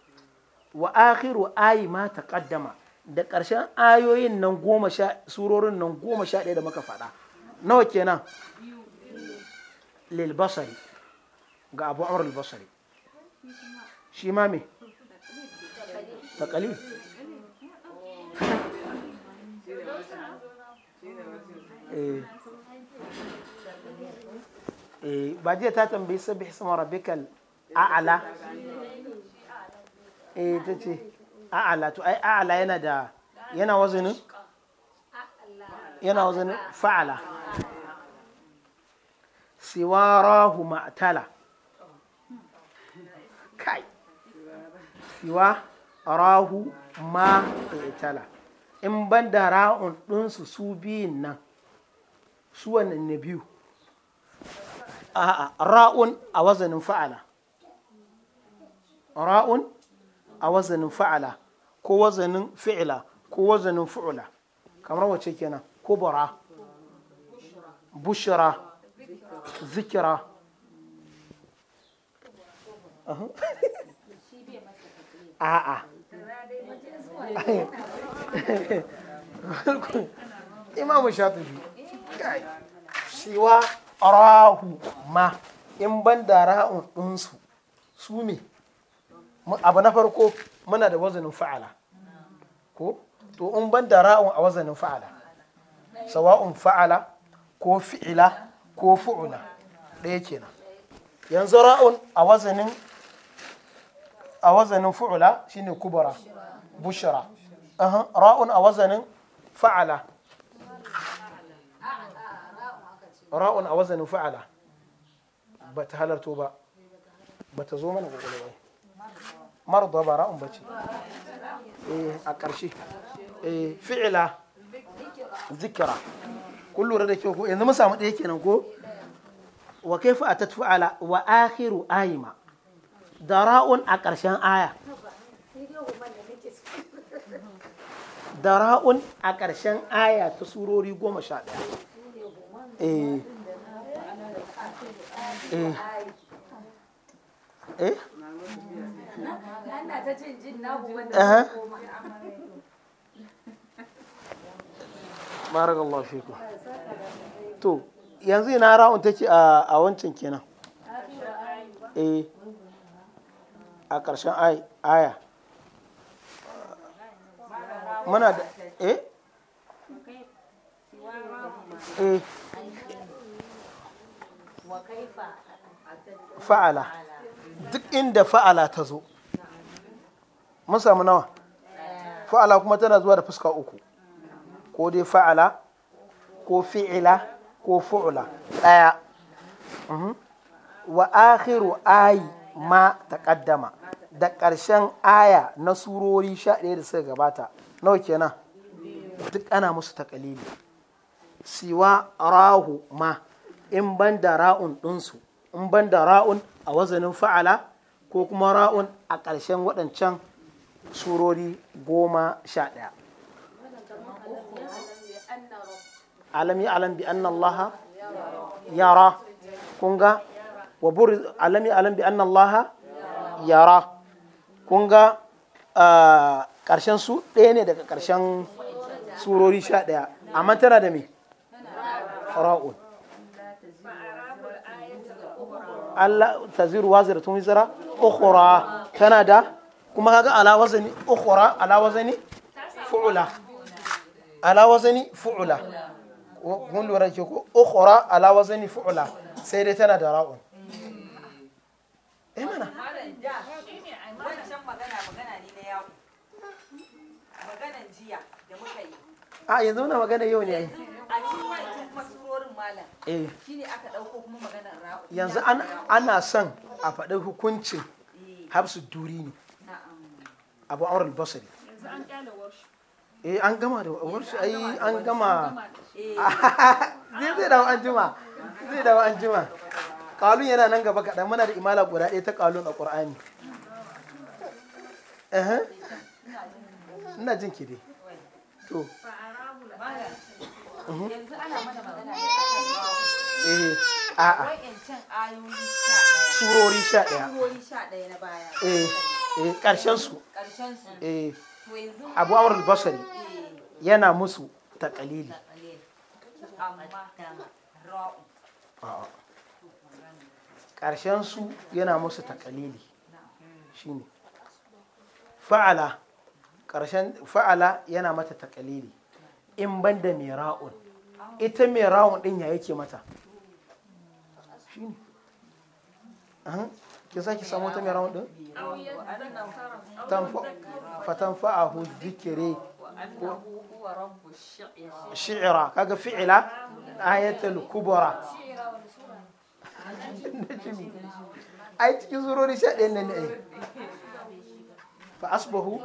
A: wa akhiru ayi ma ta ƙaddama da ƙarshen ayoyin nan goma sha surorin nan goma sha ɗaya da muka faɗa nawa kenan lil ga abu amr al basari shi ma me
B: taqalid Eh, eh,
A: bajiya ba jiya ta tambayi sabih sama rabbikal a'ala
B: eh ta ce a'ala
A: to ai a'ala yana da yana yana fa'ala siwarahu ma'tala kai siwa rahu ma'tala in ban da ra'un ɗinsu su biyun nan su wannan na biyu a'a ra'un a wazanin fa'ala ra'un a wazanin fa'ala ko wazanin fi'ila ko wazanin fi'ula kamar wace kenan kubra bushira zikira a'a imam shafi'i wa rahu ma in ban da ra'un ɗinsu su me abu na farko muna da wazanin fa'ala ko to in ban da ra'un a wazanin fa'ala sawa'un fa'ala ko fi'ila ko fu'ula ɗaya kenan yanzu ra'un a wazanin a wazanin fu'ula shine kubara bushara ra'un a wazanin fa'ala ra'un a wazanin fa'ala ba ta halarto ba ba ta zo mana gwagwalwa marda ba ra'un ba ce eh, a ƙarshe eh, fi'ila zikira kun lura da kyau ko yanzu mun samu ɗaya kenan ko wa kai atat fa'ala wa akhiru ayima da ra'un a ƙarshen aya da ra'un a ƙarshen aya ta surori goma sha ɗaya eh Eh. Eh. to yanzu yana ra'un take a wancan kenan eh a ƙarshen aya muna da eh eh fa'ala duk inda fa'ala ta zo mun samu nawa fa'ala kuma tana zuwa da fuska uku ko dai fa'ala ko fi'ila ko fu'ula ɗaya mhm. wa akhiru ayi ma taƙaddama da ƙarshen aya na surori sha ɗaya da suka gabata nawa kenan duk ana musu takalili siwa rahu ma in ban da ra'un ɗinsu in ban da ra'un a wazanin fa'ala ko kuma ra'un a ƙarshen waɗancan surori goma sha ɗaya alami alam bi anna allaha yara kunga wa buri alami alam bi anna allaha yara kunga ah, Karshen su ɗaya ne daga karshen surori sha ɗaya amma tana da me fara'un Allah ta ziru zira tun wizira ukhra tana da kuma kaga ala wazani ukhra ala wazani fu'ula ala wazani fu'ula kun lura ke ko ukhra ala wazani fu'ula sai dai tana da ra'un eh mana a yanzu muna magana yau ne eh. yanzu ana son a faɗi hukuncin habsu duri ne abu amur albasari eh an gama da warshi ai an gama zai dawo an jima zai dawo an jima kalun yana nan gaba kaɗan muna da imala guda ɗaya ta kalun a ƙur'ani ina jin ki dai to
B: Mhm. yanzu eh, a'a surori sha ɗaya surori sha ɗaya na baya eh su ƙarshen eh, eh abu eh.
A: yana musu taqalili yana musu fa'ala ƙarshen fa'ala yana mata takalili in ban da mera'un ita mera'un din ya yake mata shine ki sake samu ta mira'un din fatanfa'ahu zikiri
B: shi'ira kaga fi'ila ayatul kubra
A: ai cikin zurori sha ɗayan nan ne fa asbahu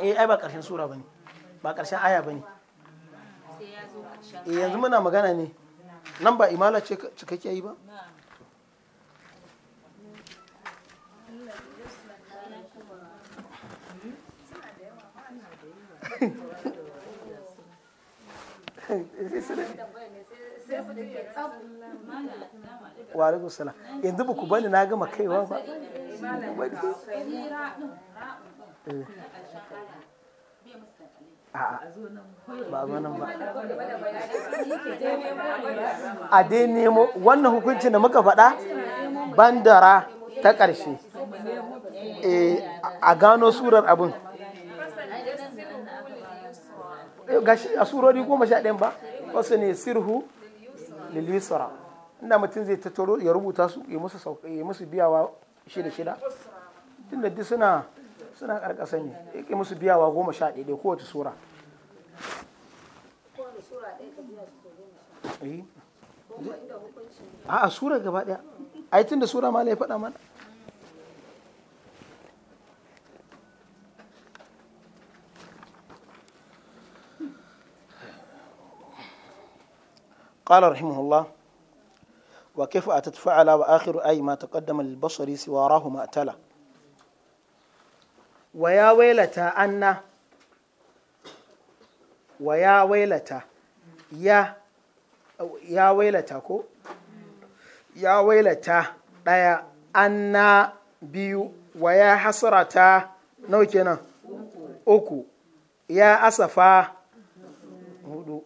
A: eh ai ba karshen sura bane ba karshen aya bane eh yanzu muna magana ne nan ba imala ce cikakke yi ba wa alaikum salam yanzu ba ku bani na gama kaiwa ba
B: ba a dai nemo wannan hukuncin
A: da muka faɗa bandara ta ƙarshe eh, a gano surar abin
B: eh, gashi a surori goma
A: sha ɗayan ba wasu ne sirhu lilisara inda mutum zai tattaro ya rubuta su ya musu sauƙi ya musu biyawa shida shida tun da suna suna karkasa ne ya ke musu biyawa goma sha ɗaya ko sura a a sura gaba ɗaya a yi tun da sura ma ya faɗa mana قال رحمه الله وكيف أتت فعل وآخر أي ما تقدم للبصري سواراه ما أتلا ويا ويلتا أن ويا ويلتا يا يا ويلتا كو ya wailata ɗaya anna biyu wa ya hasarata nau kenan uku ya asafa hudu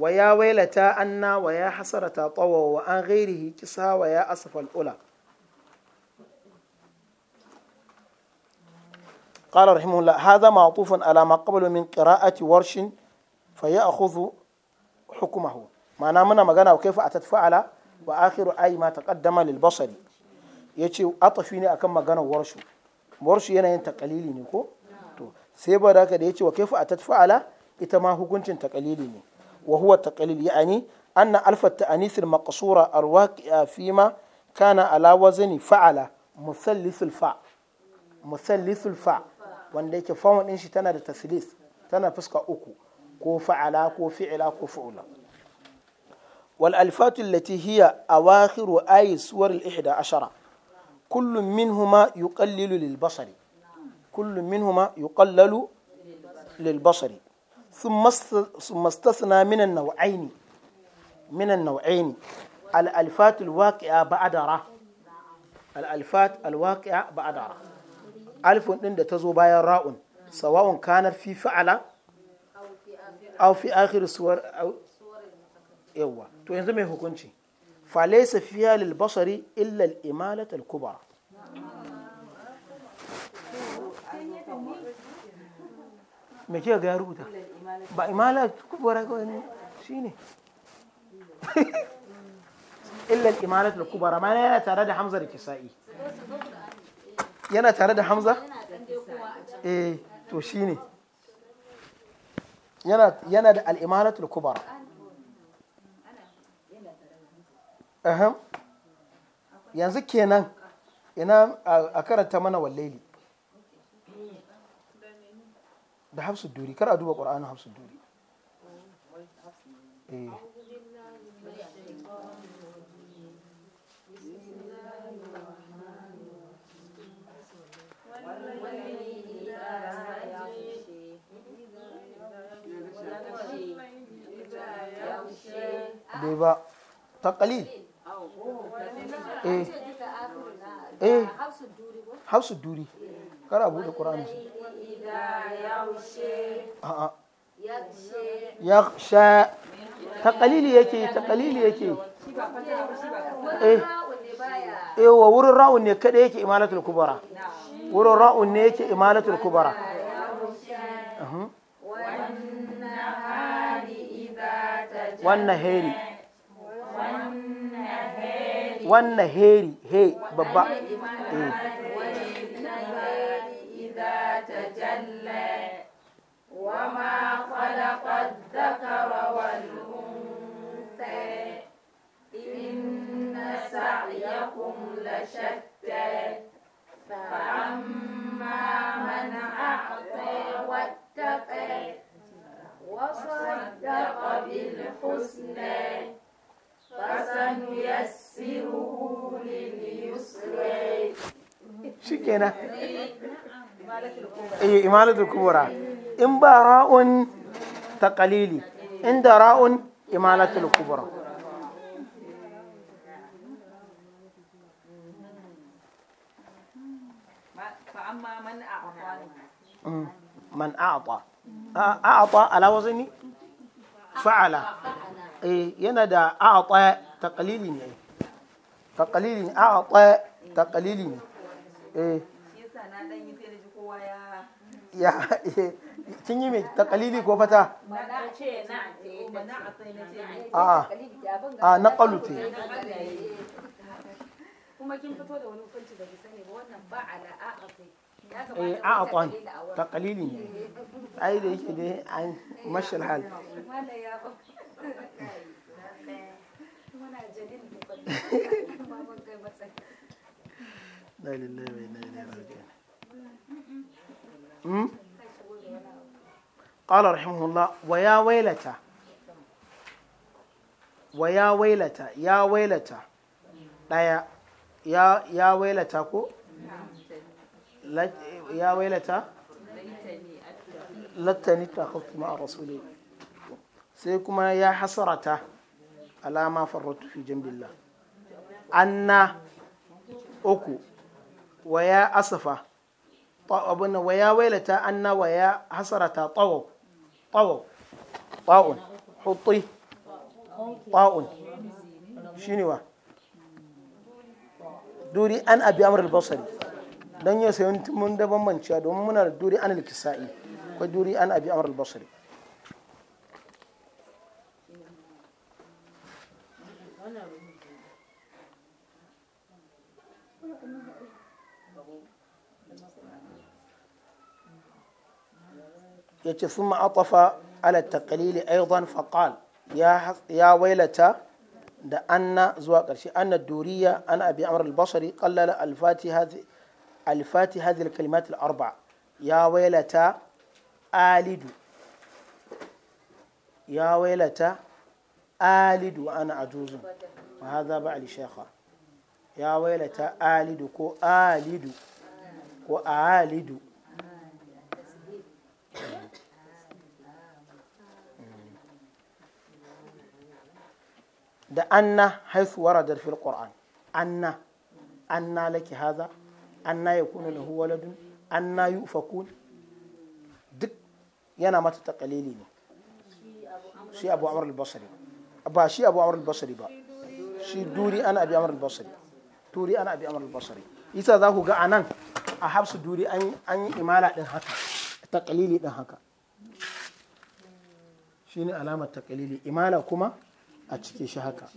A: wa ya wailata anna wa ya hasarata tawa wa an ghairihi kisa wa ya asfal ula قال رحمه الله هذا معطوف على ما قبل من قراءة ورش فيأخذ حكمه ما نامنا مغانا وكيف أتتفعل وآخر أي ما تقدم للبصري يتي أطفيني أكم مغانا ورش ورش ينا ينتقليلي نكو سيبا راكا يتي وكيف أتتفعل إتما هكونت تقليلي وهو التقليل يعني أن ألف التأنيث المقصورة الواقعة فيما كان على وزن فعل مثلث الفع مثلث الفع wanda yake fawon ɗin shi tana da taslis tana fuska uku ko fa'ala ko fi'ila ko fa'ula wal alifatu allati hiya awakhiru ayi suwar al-ihda ashara kullum minhuma yuqallilu lil basari minhuma yuqallalu lil basari sun mastasna minan nau'aini minan nau'aini al-alfat al-waqi'a ba'dara al-alfat al-waqi'a ba'dara alfun bayan ra'un sawa'un kanar fi fa'ala aw fi akhir suwar to yanzu mai hukunci falaysa fiya lil illa me kika ga ya rubuta ba imala kubra ga wani shine illa al-imalat al-kubra ma yana tare da hamza da kisa'i yana tare da hamza eh to shine yana yana da al-imalat al kubara aham yanzu kenan ina a karanta mana wallahi. da hafsu duri kar a duba ƙur'anin hafsu duri dai eh. ba ta ƙali eh.
B: eh hafsu duri
A: kar a buɗe ƙur'anin yaksha takalili yake takalili yake eh wa wurin ra'un ne kada yake imalatul kubara wurin ra'un ne yake imalatul kubara wannan heri wannan heri he babba eh
B: تجلى وما خلق الذكر والأنثى إن سعيكم لشتى فأما من أعطى واتقى وصدق بالحسنى فسنيسره لليسرى شكرا
A: eh imalatul kubura in ba ra'un taqalili inda ra'un imalatul kubra man a'ata a'ata ala fa'ala eh yana da a'ata ne a'ata ne eh kowa ya ya eh, kin yi mai takalili ko fata
B: a eh, a na kalute kuma kin fito a eh, takalili ne ai da yake dai hal
A: لا لله قال رحمه الله ويا ويلتا ويا ويلتا يا ويلتا ديا يا يا ويلتا كو يا ويلتا لتني تخفت مع رسولي سيكما يا حسرتا على ما فرطت في جنب الله أنا أكو ويا أسفة abin wa ya wailata anna wa ya hasarata tawaw tawaw ta'un hutti ta'un shine wa duri an abi amr albasari don dan yau sai mun da bambancewa domin muna da duri an al-kisa'i ko duri an abi amr albasari. يأتي ثم عطف على التقليل أيضا فقال يا يا ويلتا ده أن زواق أن الدورية أنا أبي أمر البصري قلل ألفات هذه ألفات هذه الكلمات الأربع يا ويلتا آلد يا ويلتا آلد وأنا عجوز وهذا بعد الشيخة يا ويلتا آلد كو آلد كو آلد, كو آلد da anna haifu waradar fil qur'an anna anna laki haza anna yakunu lahu waladun anna yufakun duk yana mata taqalili ne shi abu amr al-basri ba shi abu amr al-basri ba shi duri ana abi amr al-basri turi ana abi amr al-basri isa za ku ga anan a hafsu duri an yi imala din haka taqalili din haka shine alamar taqalili imala kuma a cike shi haka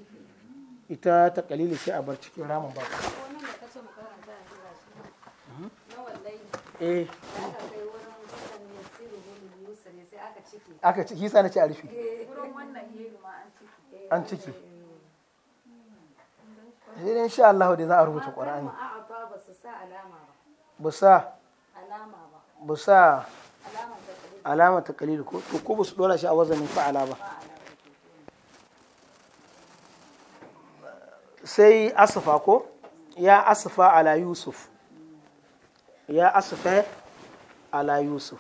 A: ita ta kalili sai a bar cikin ramin ba ka eh. aka ciki sa na ce a rufe an ciki sai dai insha Allah da za a rubuta Qur'ani ba sa ba sa alama ta kalilu ko ko ba su dora shi a wazanin fa'ala ba sai asufa ko ya asufa ala yusuf ya asufa ala yusuf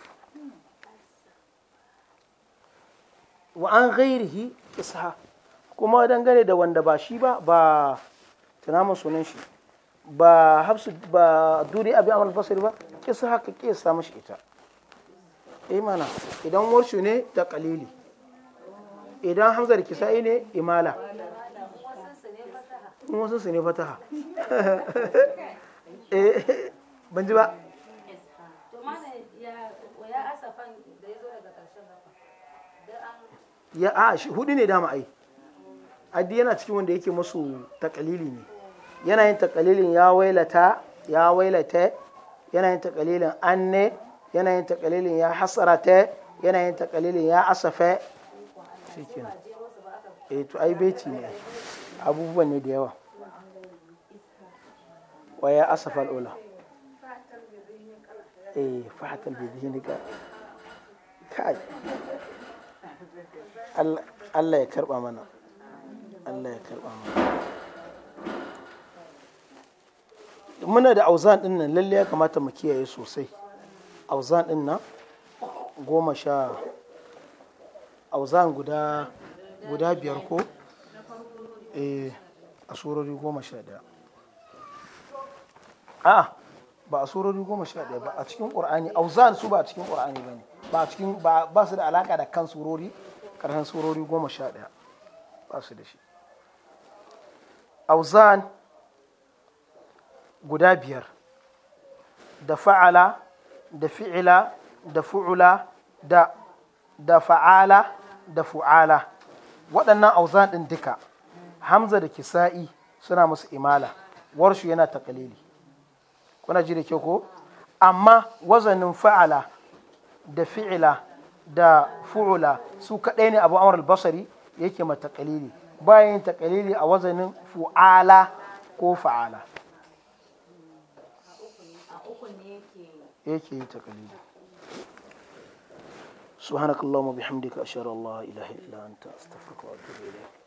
A: wa an ghairihi isha kuma dangane da wanda ba shi ba ba tunamin sunan shi ba hafsu ba duri abi amal fasir ba kisa haka kisa mashi ita imana eh idan warshu ne da kalili idan hamza da ne imala Kuma wasu su ne fataha eh ban ji ba ya a shi hudu ne dama ai addi yana cikin wanda yake masu takalili ne yana yin takalilin ya wailata ya wailata yana yin takalilin an yana yin takalilin ya hasara yana yin takalilin ya asafe shi kenan eh to ai beci ne abubuwa ne da yawa waya asafa al'ula eh fahatar bai zihin ka kai Allah ya karba mana Allah ya karba mana muna da auzan din nan lalle ya kamata mu kiyaye sosai auzan din nan goma sha auzan guda guda biyar ko Eh, a surori goma sha ɗaya a ah! ba a surori goma sha ɗaya ba a cikin ƙur'ani auzan su ba a cikin ƙur'ani ba ne ba a cikin ba su da alaƙa da kan surori ƙarshen surori goma sha ɗaya ba su da shi auzan guda biyar da fa'ala da fi'ila da fu'ula da da fa'ala da fu'ala waɗannan auzan ɗin duka hamza da kisa'i suna musu imala warshu yana takalili kuna ji da kyau ko amma wazanin fa'ala da fi'ila da fu'ula su kaɗai ne abu amur basari yake ma takalili bayan takalili a wazanin fu'ala ko fa'ala yake yi takalili سبحانك اللهم وبحمدك أشهد أن لا إله إلا أنت أستغفرك وأتوب إليك